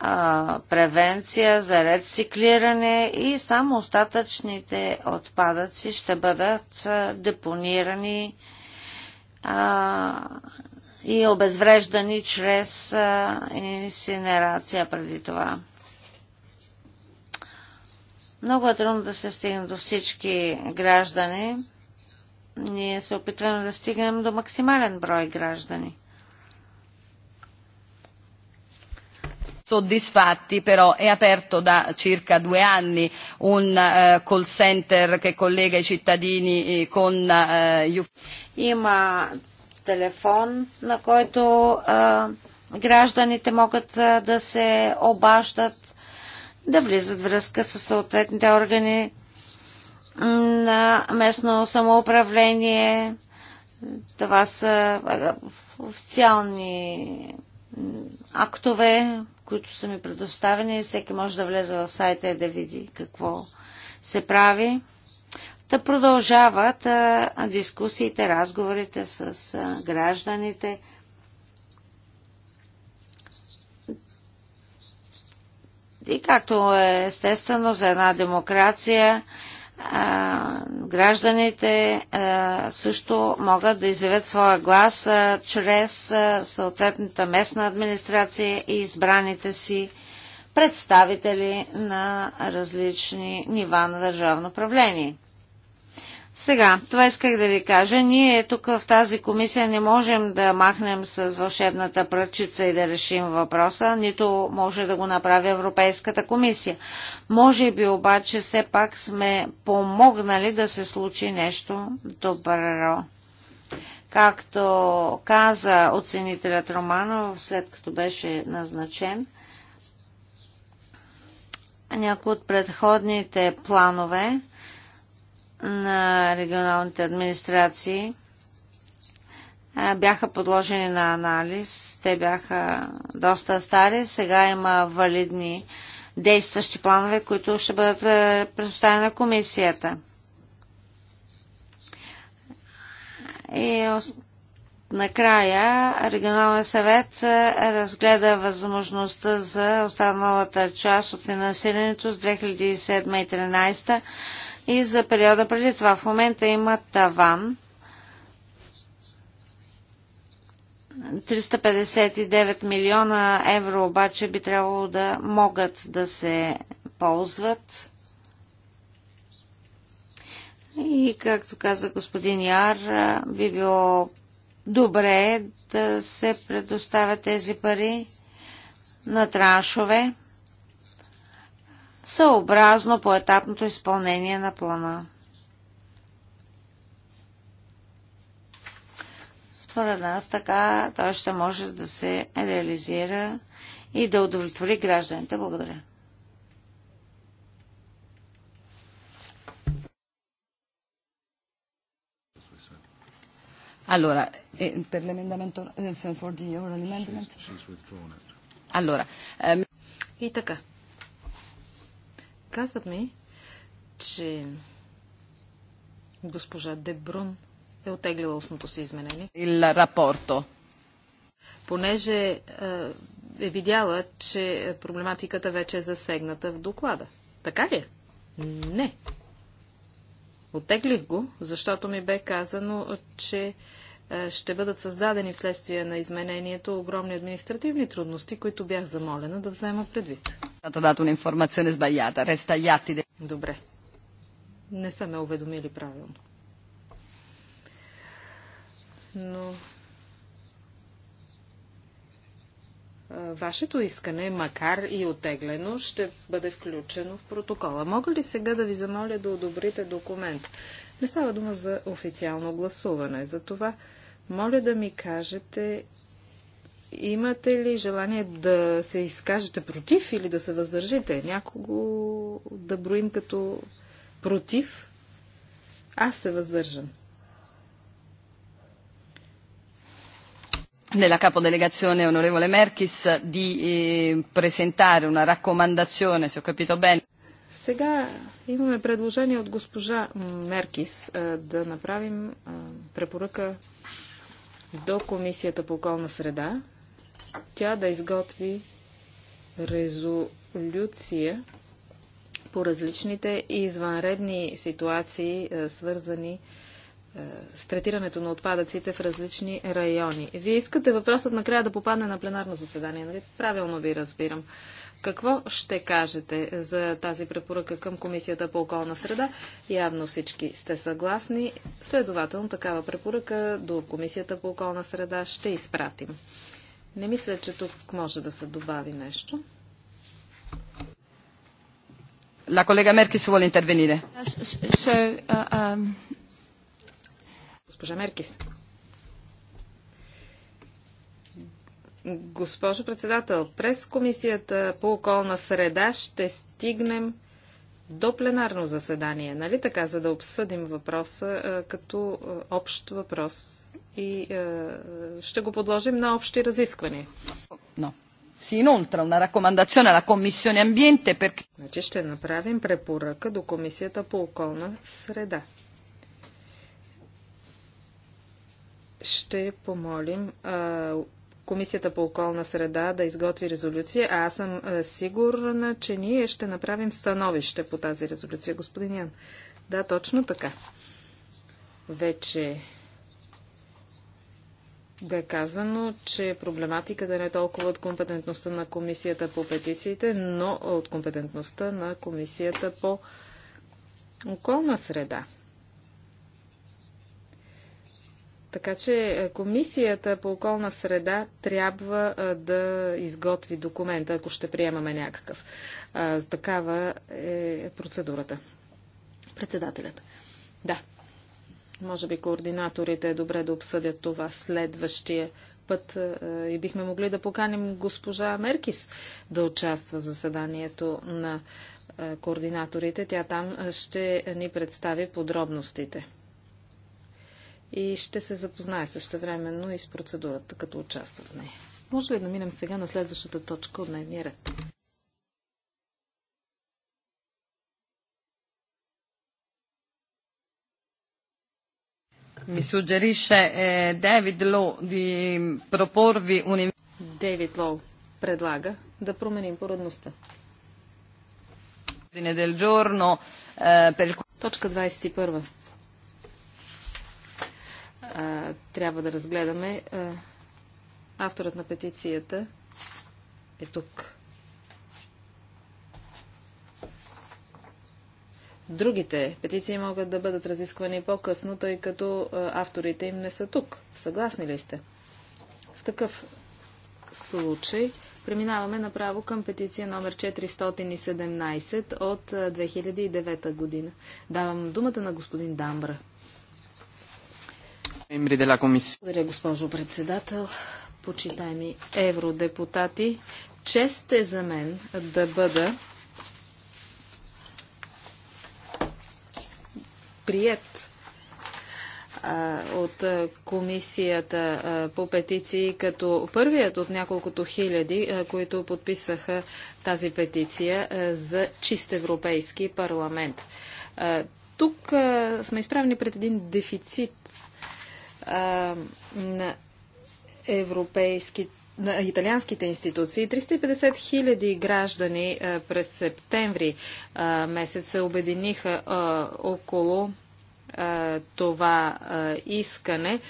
а, превенция, за рециклиране и само остатъчните отпадъци ще бъдат депонирани а, и обезвреждани чрез инсинерация преди това. Много е трудно да се стигне до всички граждани. Ние се опитваме да стигнем до максимален брой граждани. soddisfatti, però è aperto da circa due anni un uh, call center che collega i cittadini eh, con uh, eh, Има телефон, на който а, гражданите могат а, да се обаждат, да влизат връзка с съответните органи на местно самоуправление. Това са официални актове, които са ми предоставени. Всеки може да влезе в сайта и да види какво се прави да продължават а, дискусиите, разговорите с а, гражданите. И както е естествено за една демокрация, а, гражданите а, също могат да изявят своя глас а, чрез а, съответната местна администрация и избраните си представители на различни нива на държавно правление. Сега, това исках да ви кажа. Ние тук в тази комисия не можем да махнем с вълшебната пръчица и да решим въпроса, нито може да го направи Европейската комисия. Може би обаче все пак сме помогнали да се случи нещо добро. Както каза оценителят Романов, след като беше назначен, някои от предходните планове на регионалните администрации бяха подложени на анализ. Те бяха доста стари. Сега има валидни действащи планове, които ще бъдат предоставени на комисията. И накрая регионалния съвет разгледа възможността за останалата част от финансирането с 2007 и 2013 и за периода преди това. В момента има таван 359 милиона евро обаче би трябвало да могат да се ползват. И както каза господин Яр, би било добре да се предоставят тези пари на траншове съобразно поетапното изпълнение на плана. Според нас така той ще може да се реализира и да удовлетвори гражданите. Благодаря. Allora, eh, per l'emendamento, eh, for the euro amendment? Allora, ehm... И Казват ми, че госпожа Дебрун е отеглила устното си изменение. Il rapporto. Понеже е, е видяла, че проблематиката вече е засегната в доклада. Така ли е? Не. Отеглих го, защото ми бе казано, че е, ще бъдат създадени вследствие на изменението огромни административни трудности, които бях замолена да взема предвид. Добре. Не са ме уведомили правилно. Но вашето искане, макар и отеглено, ще бъде включено в протокола. Мога ли сега да ви замоля да одобрите документ? Не става дума за официално гласуване. За това моля да ми кажете, имате ли желание да се изкажете против или да се въздържите? Някого да броим като против? Аз се въздържам. della capodelegazione onorevole Merkis di eh, presentare una raccomandazione, se ho capito bene. Сега имаме предложение от госпожа Меркис да направим препоръка до Комисията по околна среда, тя да изготви резолюция по различните и извънредни ситуации, е, свързани е, с третирането на отпадъците в различни райони. Вие искате въпросът накрая да попадне на пленарно заседание, нали? Правилно ви разбирам. Какво ще кажете за тази препоръка към Комисията по околна среда? Явно всички сте съгласни. Следователно, такава препоръка до Комисията по околна среда ще изпратим. Не мисля, че тук може да се добави нещо. La collega Merkis vuole intervenire. So, uh, um... Госпожа Меркис. Госпожо председател, през Комисията по околна среда ще стигнем до пленарно заседание, нали така, за да обсъдим въпроса а, е, като а, е, общ въпрос и а, е, ще го подложим на общи разисквания. Но. Си inoltra una raccomandazione alla Commissione Ambiente Значи ще направим препоръка до Комисията по околна среда. Ще помолим а, Комисията по околна среда да изготви резолюция, а аз съм е, сигурна, че ние ще направим становище по тази резолюция, господин Ян. Да, точно така. Вече бе казано, че проблематиката не е толкова от компетентността на комисията по петициите, но от компетентността на комисията по околна среда. Така че е, Комисията по околна среда трябва е, да изготви документа, ако ще приемаме някакъв. Е, такава е процедурата. Председателят. Да. Може би координаторите е добре да обсъдят това следващия път и бихме могли да поканим госпожа Меркис да участва в заседанието на координаторите. Тя там ще ни представи подробностите и ще се запознае същевременно и с процедурата, като участва в нея. Може ли да минем сега на следващата точка от дневния ред? Ми suggerisce Девид Лоу да пропорви proporvi un... предлага да променим породността. Eh, точка 21 а, трябва да разгледаме. А, авторът на петицията е тук. Другите петиции могат да бъдат разисквани по-късно, тъй като авторите им не са тук. Съгласни ли сте? В такъв случай преминаваме направо към петиция номер 417 от 2009 година. Давам думата на господин Дамбра. Благодаря, госпожо председател. Почитаеми евродепутати, чест е за мен да бъда прият от комисията по петиции като първият от няколкото хиляди, които подписаха тази петиция за чист европейски парламент. Тук сме изправени пред един дефицит а, на европейски на италианските институции. 350 хиляди граждани през септември месец се обединиха около това искане.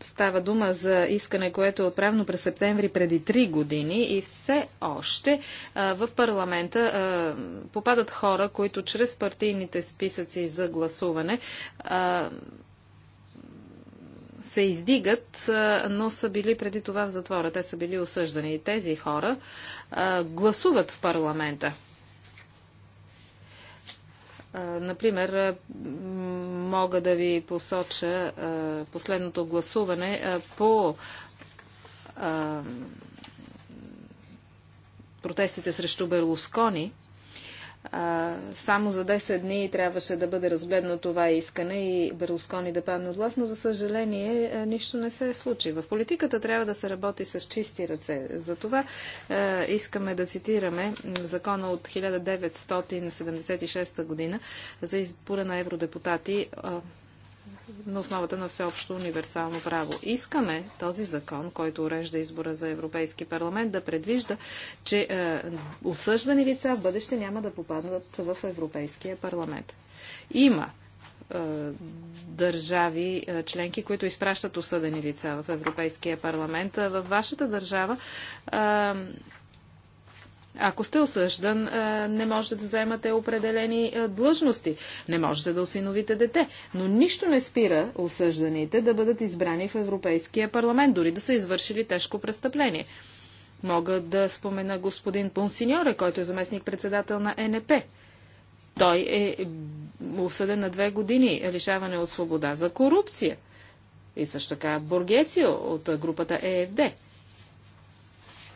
Става дума за искане, което е отправено през септември преди 3 години и все още в парламента попадат хора, които чрез партийните списъци за гласуване се издигат, но са били преди това в затвора. Те са били осъждани. И тези хора гласуват в парламента. например, мога да ви посоча последното гласуване по протестите срещу Берлускони – а, само за 10 дни трябваше да бъде разгледно това искане и Берлускони да падне от власт, но за съжаление е, нищо не се е случи. В политиката трябва да се работи с чисти ръце. Затова това искаме да цитираме закона от 1976 година за избора на евродепутати на основата на всеобщо универсално право. Искаме този закон, който урежда избора за Европейски парламент, да предвижда, че е, осъждани лица в бъдеще няма да попаднат в Европейския парламент. Има е, държави е, членки, които изпращат осъдени лица в Европейския парламент. Е, във вашата държава ако сте осъждан, не можете да вземате определени длъжности, не можете да осиновите дете. Но нищо не спира осъжданите да бъдат избрани в Европейския парламент, дори да са извършили тежко престъпление. Мога да спомена господин Понсиньоре, който е заместник-председател на НП. Той е осъден на две години лишаване от свобода за корупция. И също така Бургецио от групата ЕФД.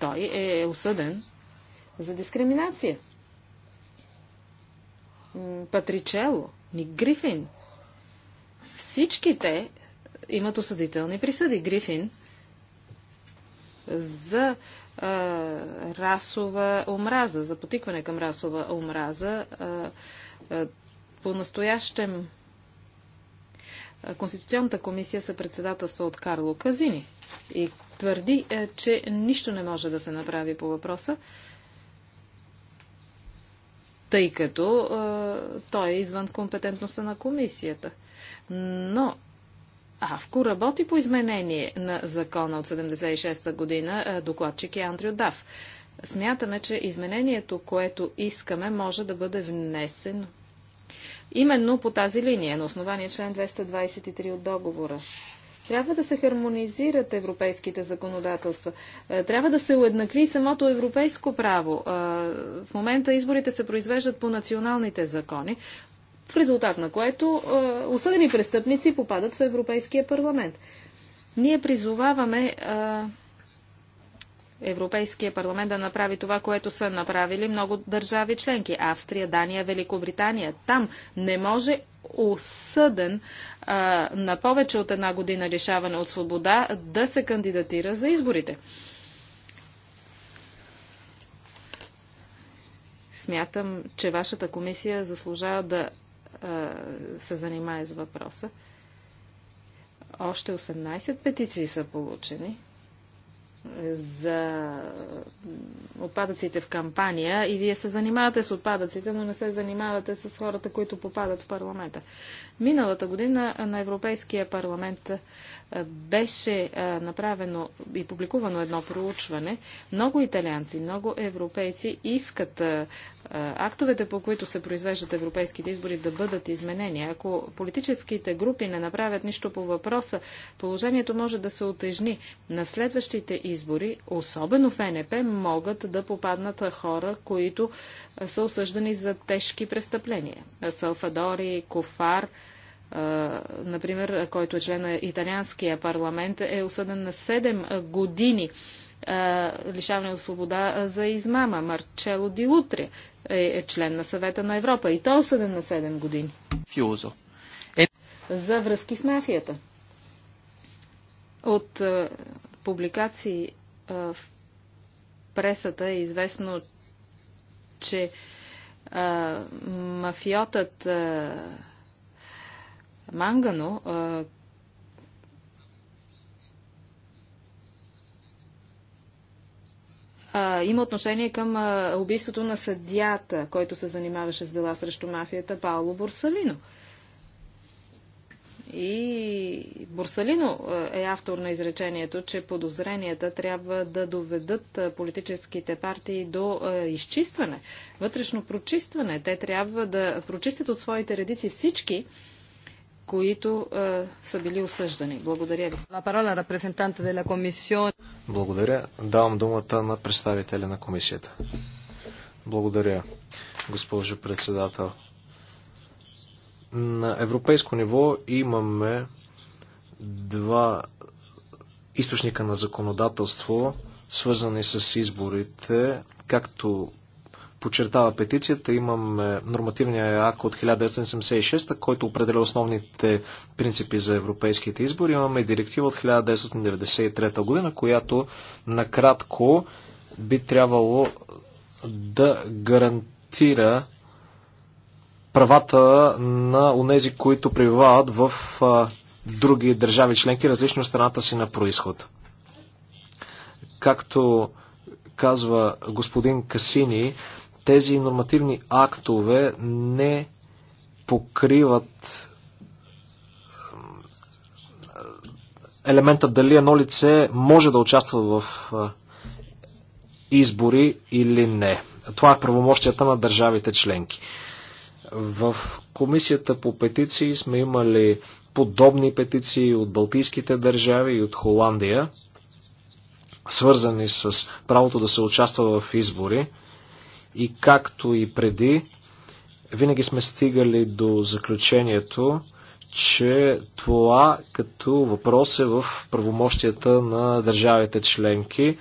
Той е осъден за дискриминация. Патричело, Ник Грифин. Всички те имат осъдителни присъди. Грифин за а, расова омраза, за потикване към расова омраза. по-настоящем Конституционната комисия се председателства от Карло Казини и твърди, е, че нищо не може да се направи по въпроса тъй като е, той е извън компетентността на комисията. Но Авко работи по изменение на закона от 76-та година, докладчик е Андрю Дав. Смятаме, че изменението, което искаме, може да бъде внесено именно по тази линия, на основание член 223 от договора. Трябва да се хармонизират европейските законодателства. Е, трябва да се уеднакви самото европейско право. Е, в момента изборите се произвеждат по националните закони, в резултат на което е, осъдени престъпници попадат в Европейския парламент. Ние призоваваме Европейския парламент да направи това, което са направили много държави членки. Австрия, Дания, Великобритания. Там не може осъден а, на повече от една година лишаване от свобода да се кандидатира за изборите. Смятам, че вашата комисия заслужава да а, се занимае с въпроса. Още 18 петиции са получени за отпадъците в кампания и вие се занимавате с отпадъците, но не се занимавате с хората, които попадат в парламента. Миналата година на Европейския парламент е, беше е, направено и публикувано едно проучване. Много италианци, много европейци искат е, актовете, по които се произвеждат европейските избори, да бъдат изменени. Ако политическите групи не направят нищо по въпроса, положението може да се отежни. На следващите избори, особено в НП, могат да попаднат хора, които са осъждани за тежки престъпления. Салфадори, Кофар, например, който е член на италианския парламент, е осъден на 7 години лишаване от свобода за измама. Марчело Дилутри е, е член на съвета на Европа и той е осъден на 7 години. Фюзо. Е... За връзки с мафията. От е, публикации е, в пресата е известно, че мафиотът мангано, има отношение към убийството на съдията, който се занимаваше с дела срещу мафията Пауло Борсалино. И Борсалино е автор на изречението, че подозренията трябва да доведат политическите партии до изчистване, вътрешно прочистване. Те трябва да прочистят от своите редици всички, които е, са били осъждани. Благодаря ви. Благодаря. Давам думата на представителя на комисията. Благодаря, госпожо председател. На европейско ниво имаме два източника на законодателство, свързани с изборите, както подчертава петицията. Имаме нормативния акт от 1976, който определя основните принципи за европейските избори. Имаме директива от 1993 година, която накратко би трябвало да гарантира правата на онези, които пребивават в други държави членки, различно страната си на происход. Както казва господин Касини, тези нормативни актове не покриват елемента дали едно лице може да участва в избори или не. Това е правомощията на държавите членки. В комисията по петиции сме имали подобни петиции от Балтийските държави и от Холандия, свързани с правото да се участва в избори. И както и преди, винаги сме стигали до заключението, че това като въпрос е в правомощията на държавите членки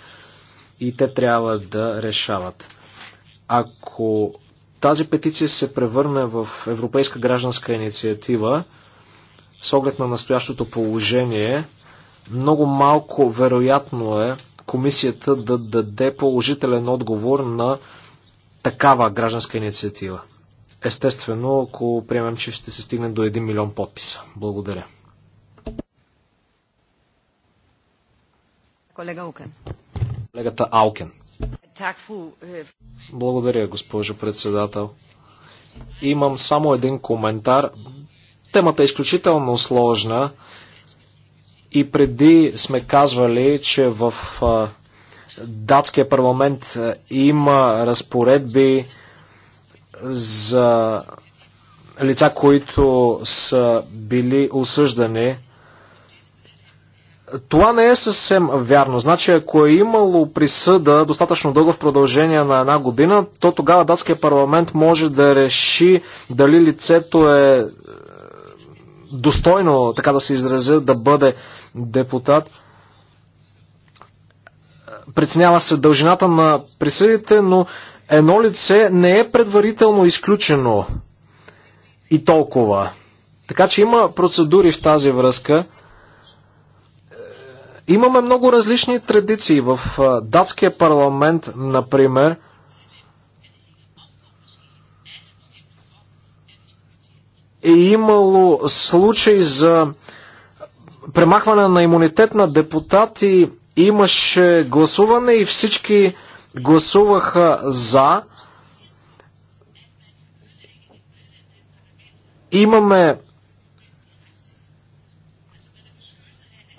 и те трябва да решават. Ако тази петиция се превърне в Европейска гражданска инициатива, с оглед на настоящото положение, много малко вероятно е комисията да даде положителен отговор на такава гражданска инициатива. Естествено, ако приемем, че ще се стигне до 1 милион подписа. Благодаря. Колега Аукен. Колегата Аукен. Е, Благодаря, госпожо председател. Имам само един коментар. Темата е изключително сложна и преди сме казвали, че в датския парламент е, има разпоредби за лица, които са били осъждани. Това не е съвсем вярно. Значи, ако е имало присъда достатъчно дълго в продължение на една година, то тогава датския парламент може да реши дали лицето е, е достойно, така да се изразя, да бъде депутат. Преценява се дължината на присъдите, но едно лице не е предварително изключено и толкова. Така че има процедури в тази връзка. Имаме много различни традиции. В датския парламент, например, е имало случай за премахване на имунитет на депутати Имаше гласуване и всички гласуваха за. Имаме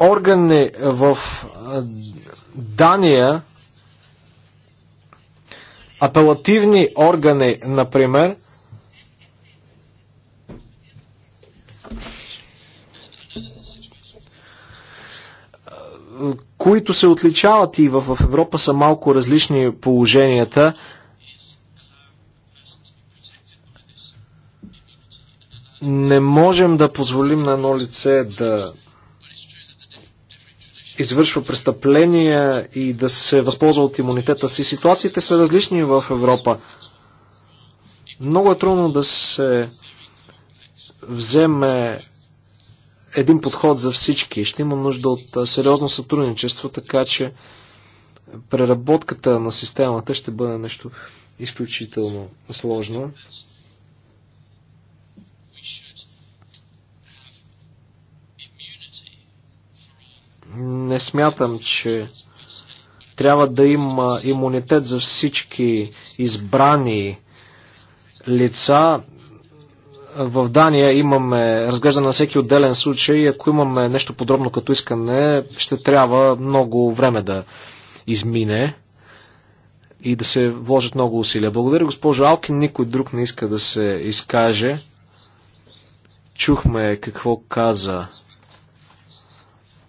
органи в Дания, апелативни органи, например, които се отличават и в Европа са малко различни положенията. Не можем да позволим на едно лице да извършва престъпления и да се възползва от имунитета си. Ситуациите са различни в Европа. Много е трудно да се вземе един подход за всички. Ще има нужда от сериозно сътрудничество, така че преработката на системата ще бъде нещо изключително сложно. Не смятам, че трябва да има имунитет за всички избрани лица в Дания имаме разглеждане на всеки отделен случай. Ако имаме нещо подробно като искане, ще трябва много време да измине и да се вложат много усилия. Благодаря, госпожо Алкин. Никой друг не иска да се изкаже. Чухме какво каза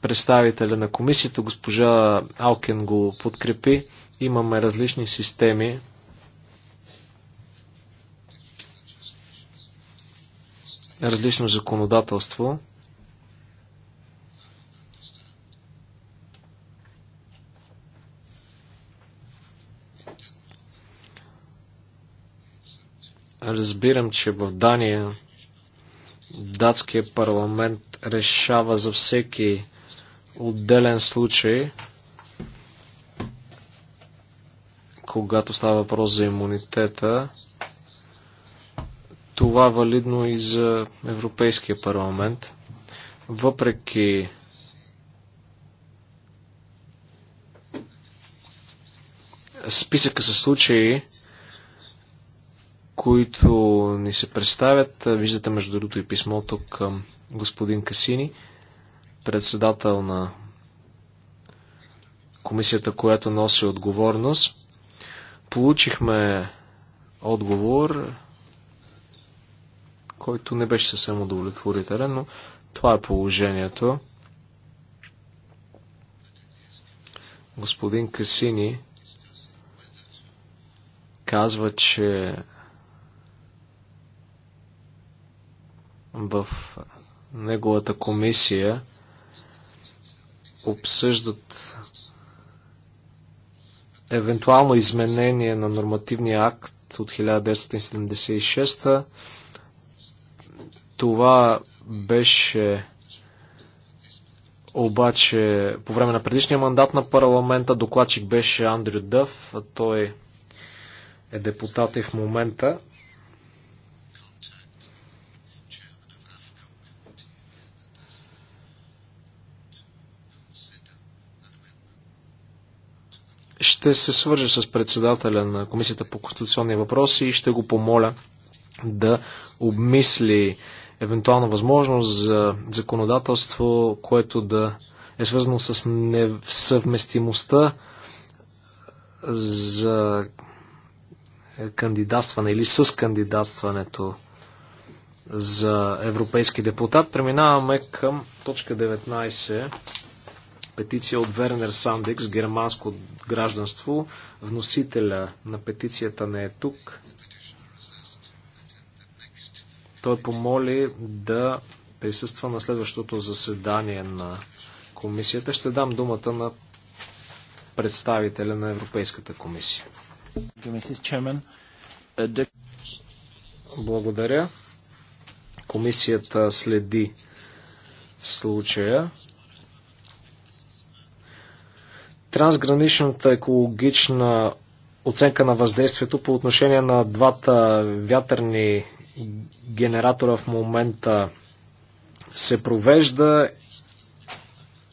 представителя на комисията. Госпожа Алкин го подкрепи. Имаме различни системи различно законодателство. Разбирам, че в Дания датският парламент решава за всеки отделен случай, когато става въпрос за имунитета това валидно и за Европейския парламент. Въпреки списъка със случаи, които ни се представят, виждате между другото и писмото към господин Касини, председател на комисията, която носи отговорност. Получихме отговор който не беше съвсем удовлетворителен, но това е положението. Господин Касини казва, че в неговата комисия обсъждат евентуално изменение на нормативния акт от 1976 това беше обаче по време на предишния мандат на парламента докладчик беше Андрю Дъв, а той е депутат и в момента. Ще се свържа с председателя на Комисията по конституционни въпроси и ще го помоля да обмисли евентуална възможност за законодателство, което да е свързано с несъвместимостта за кандидатстване или с кандидатстването за европейски депутат. Преминаваме към точка 19. Петиция от Вернер Сандекс, германско гражданство. Вносителя на петицията не е тук. Той помоли да присъства на следващото заседание на комисията. Ще дам думата на представителя на Европейската комисия. Благодаря. Комисията следи случая. Трансграничната екологична оценка на въздействието по отношение на двата вятърни генератора в момента се провежда.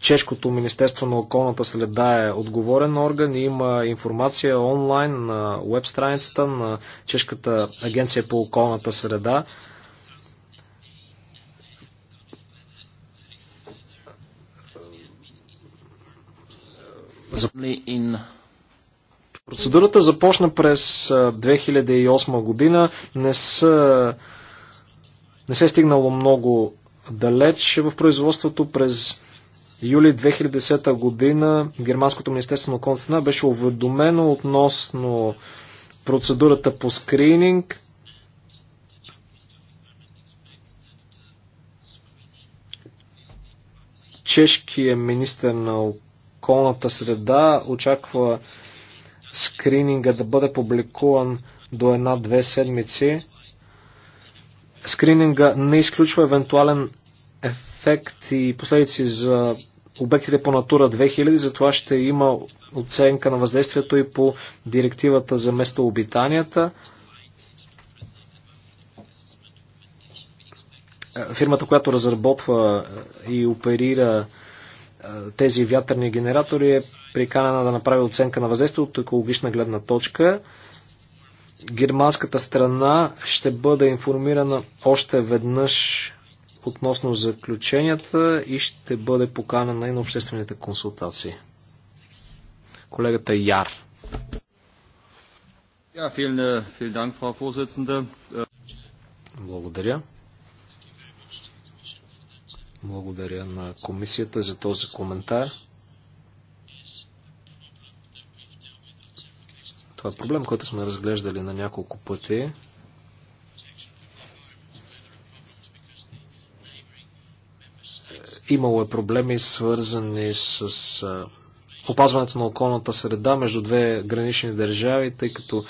Чешкото Министерство на околната следа е отговорен орган и има информация онлайн на веб страницата на Чешката агенция по околната среда. in Процедурата започна през 2008 година. Не, са, не се е стигнало много далеч в производството през юли 2010 година Германското министерство на околната страна беше уведомено относно процедурата по скрининг. Чешкият министр на околната среда очаква скрининга да бъде публикуван до една-две седмици. Скрининга не изключва евентуален ефект и последици за обектите по Натура 2000, затова ще има оценка на въздействието и по директивата за местообитанията. Е, фирмата, която разработва и оперира тези вятърни генератори е приканена да направи оценка на въздействието от екологична гледна точка. Германската страна ще бъде информирана още веднъж относно заключенията и ще бъде поканена и на обществените консултации. Колегата Яр. Äh, äh, Благодаря. Благодаря на комисията за този коментар. Това е проблем, който сме разглеждали на няколко пъти. Имало е проблеми, свързани с опазването на околната среда между две гранични държави, тъй като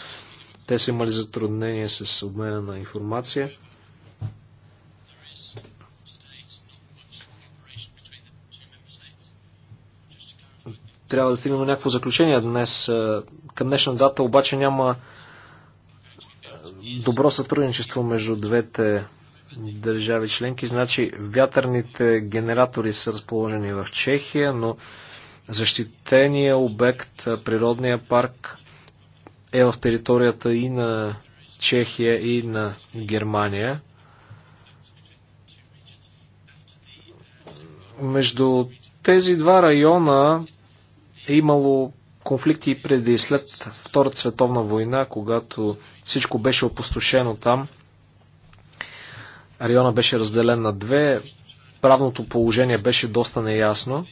те са имали затруднение с обмена на информация. трябва да стигнем до някакво заключение днес. Е, към днешна дата обаче няма е, добро сътрудничество между двете държави членки. Значи вятърните генератори са разположени в Чехия, но защитения обект, е, природния парк е в територията и на Чехия, и на Германия. Между тези два района е имало конфликти и преди и след Втората световна война, когато всичко беше опустошено там. Района беше разделен на две. Правното положение беше доста неясно.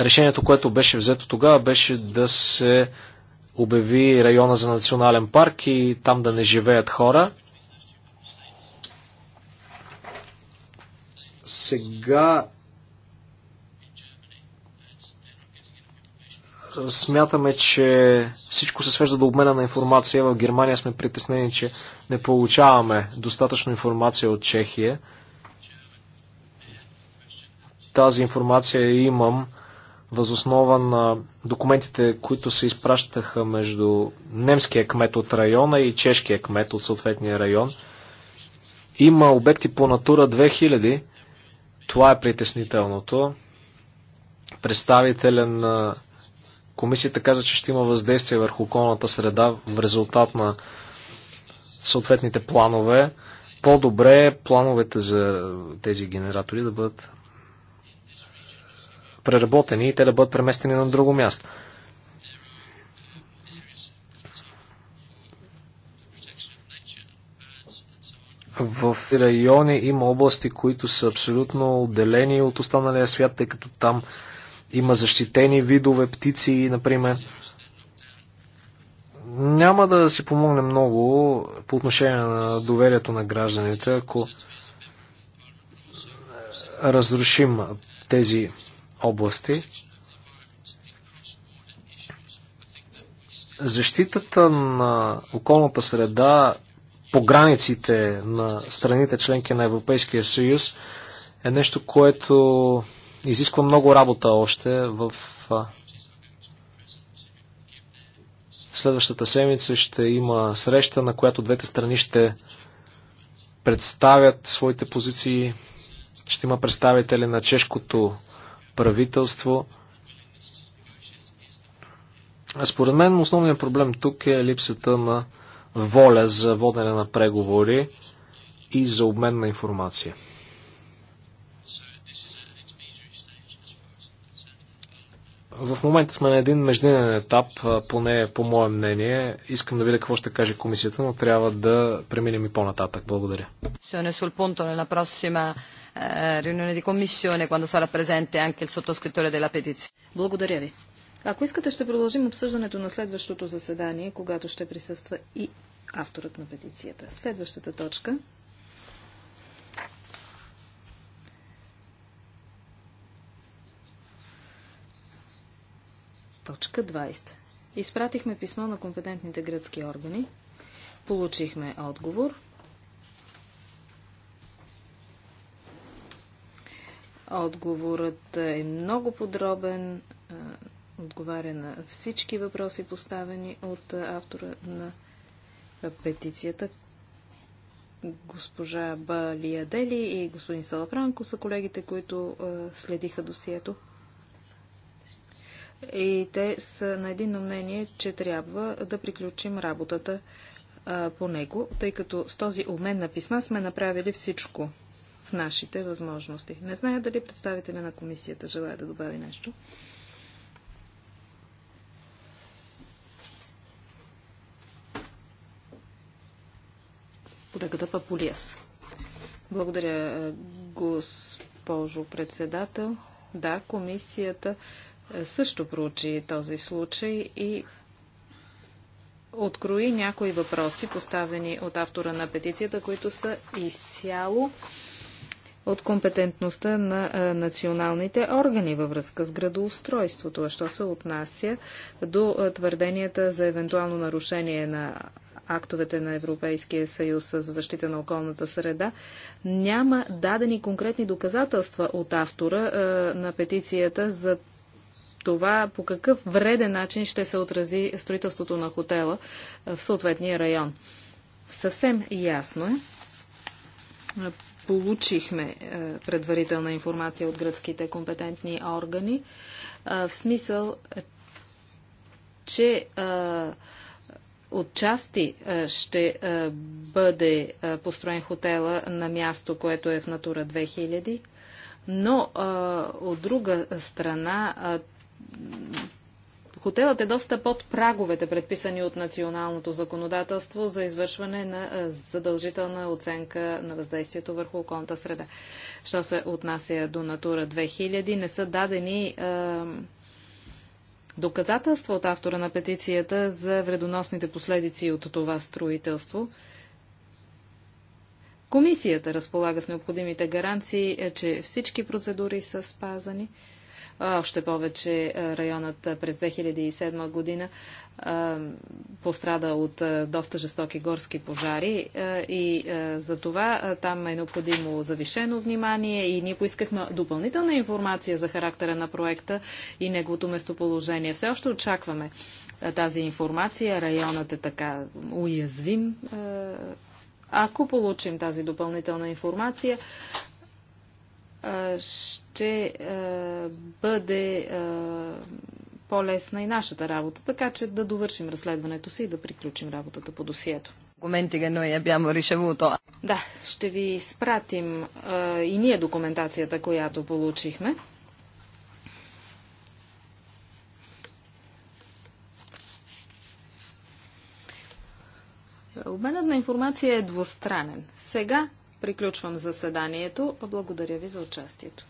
Решението, което беше взето тогава, беше да се обяви района за национален парк и там да не живеят хора – Сега смятаме, че всичко се свежда до обмена на информация. В Германия сме притеснени, че не получаваме достатъчно информация от Чехия. Тази информация имам възоснова на документите, които се изпращаха между немския кмет от района и чешкия кмет от съответния район. Има обекти по Натура 2000, това е притеснителното. Представителя на комисията каза, че ще има въздействие върху околната среда в резултат на съответните планове. По-добре е плановете за тези генератори да бъдат преработени и те да бъдат преместени на друго място. в райони има области, които са абсолютно отделени от останалия свят, тъй като там има защитени видове птици, например. Няма да си помогне много по отношение на доверието на гражданите, ако разрушим тези области. Защитата на околната среда по границите на страните членки на Европейския съюз е нещо, което изисква много работа още в следващата седмица ще има среща, на която двете страни ще представят своите позиции. Ще има представители на чешкото правителство. Според мен основният проблем тук е липсата на воля за водене на преговори и за обмен на информация. В момента сме на един междинен етап, поне по мое мнение. Искам да видя какво ще каже комисията, но трябва да преминем и по-нататък. Благодаря. Eh, Благодаря ви. Ако искате, ще продължим обсъждането на следващото заседание, когато ще присъства и авторът на петицията. Следващата точка Точка 20. Изпратихме писмо на компетентните гръцки органи. Получихме отговор. Отговорът е много подробен, отговаря на всички въпроси, поставени от автора на петицията. Госпожа Балия Дели и господин Салафранко са колегите, които следиха досието. И те са на едино мнение, че трябва да приключим работата по него, тъй като с този обмен на писма сме направили всичко в нашите възможности. Не зная дали представителя на комисията желая да добави нещо. колегата Папулиас. Благодаря, е, госпожо председател. Да, комисията е, също проучи този случай и открои някои въпроси, поставени от автора на петицията, които са изцяло от компетентността на е, националните органи във връзка с градоустройството. А що се отнася до твърденията за евентуално нарушение на актовете на Европейския съюз за защита на околната среда, няма дадени конкретни доказателства от автора е, на петицията за това по какъв вреден начин ще се отрази строителството на хотела е, в съответния район. Съвсем ясно е. е получихме е, предварителна информация от гръцките компетентни органи в смисъл, че отчасти е, ще е, бъде е, построен хотела на място, което е в Натура 2000, но от друга страна хотелът е доста под праговете, предписани от националното законодателство за извършване на задължителна оценка на въздействието върху околната среда. Що се отнася до Натура 2000, не са дадени доказателства от автора на петицията за вредоносните последици от това строителство. Комисията разполага с необходимите гаранции, е, че всички процедури са спазани. Още повече районът през 2007 година пострада от доста жестоки горски пожари и за това там е необходимо завишено внимание и ние поискахме допълнителна информация за характера на проекта и неговото местоположение. Все още очакваме тази информация. Районът е така уязвим. Ако получим тази допълнителна информация, ще бъде по-лесна и нашата работа, така че да довършим разследването си и да приключим работата по досието. Да, ще ви изпратим и ние документацията, която получихме. Обменът на информация е двустранен. Сега Приключвам заседанието. Благодаря ви за участието.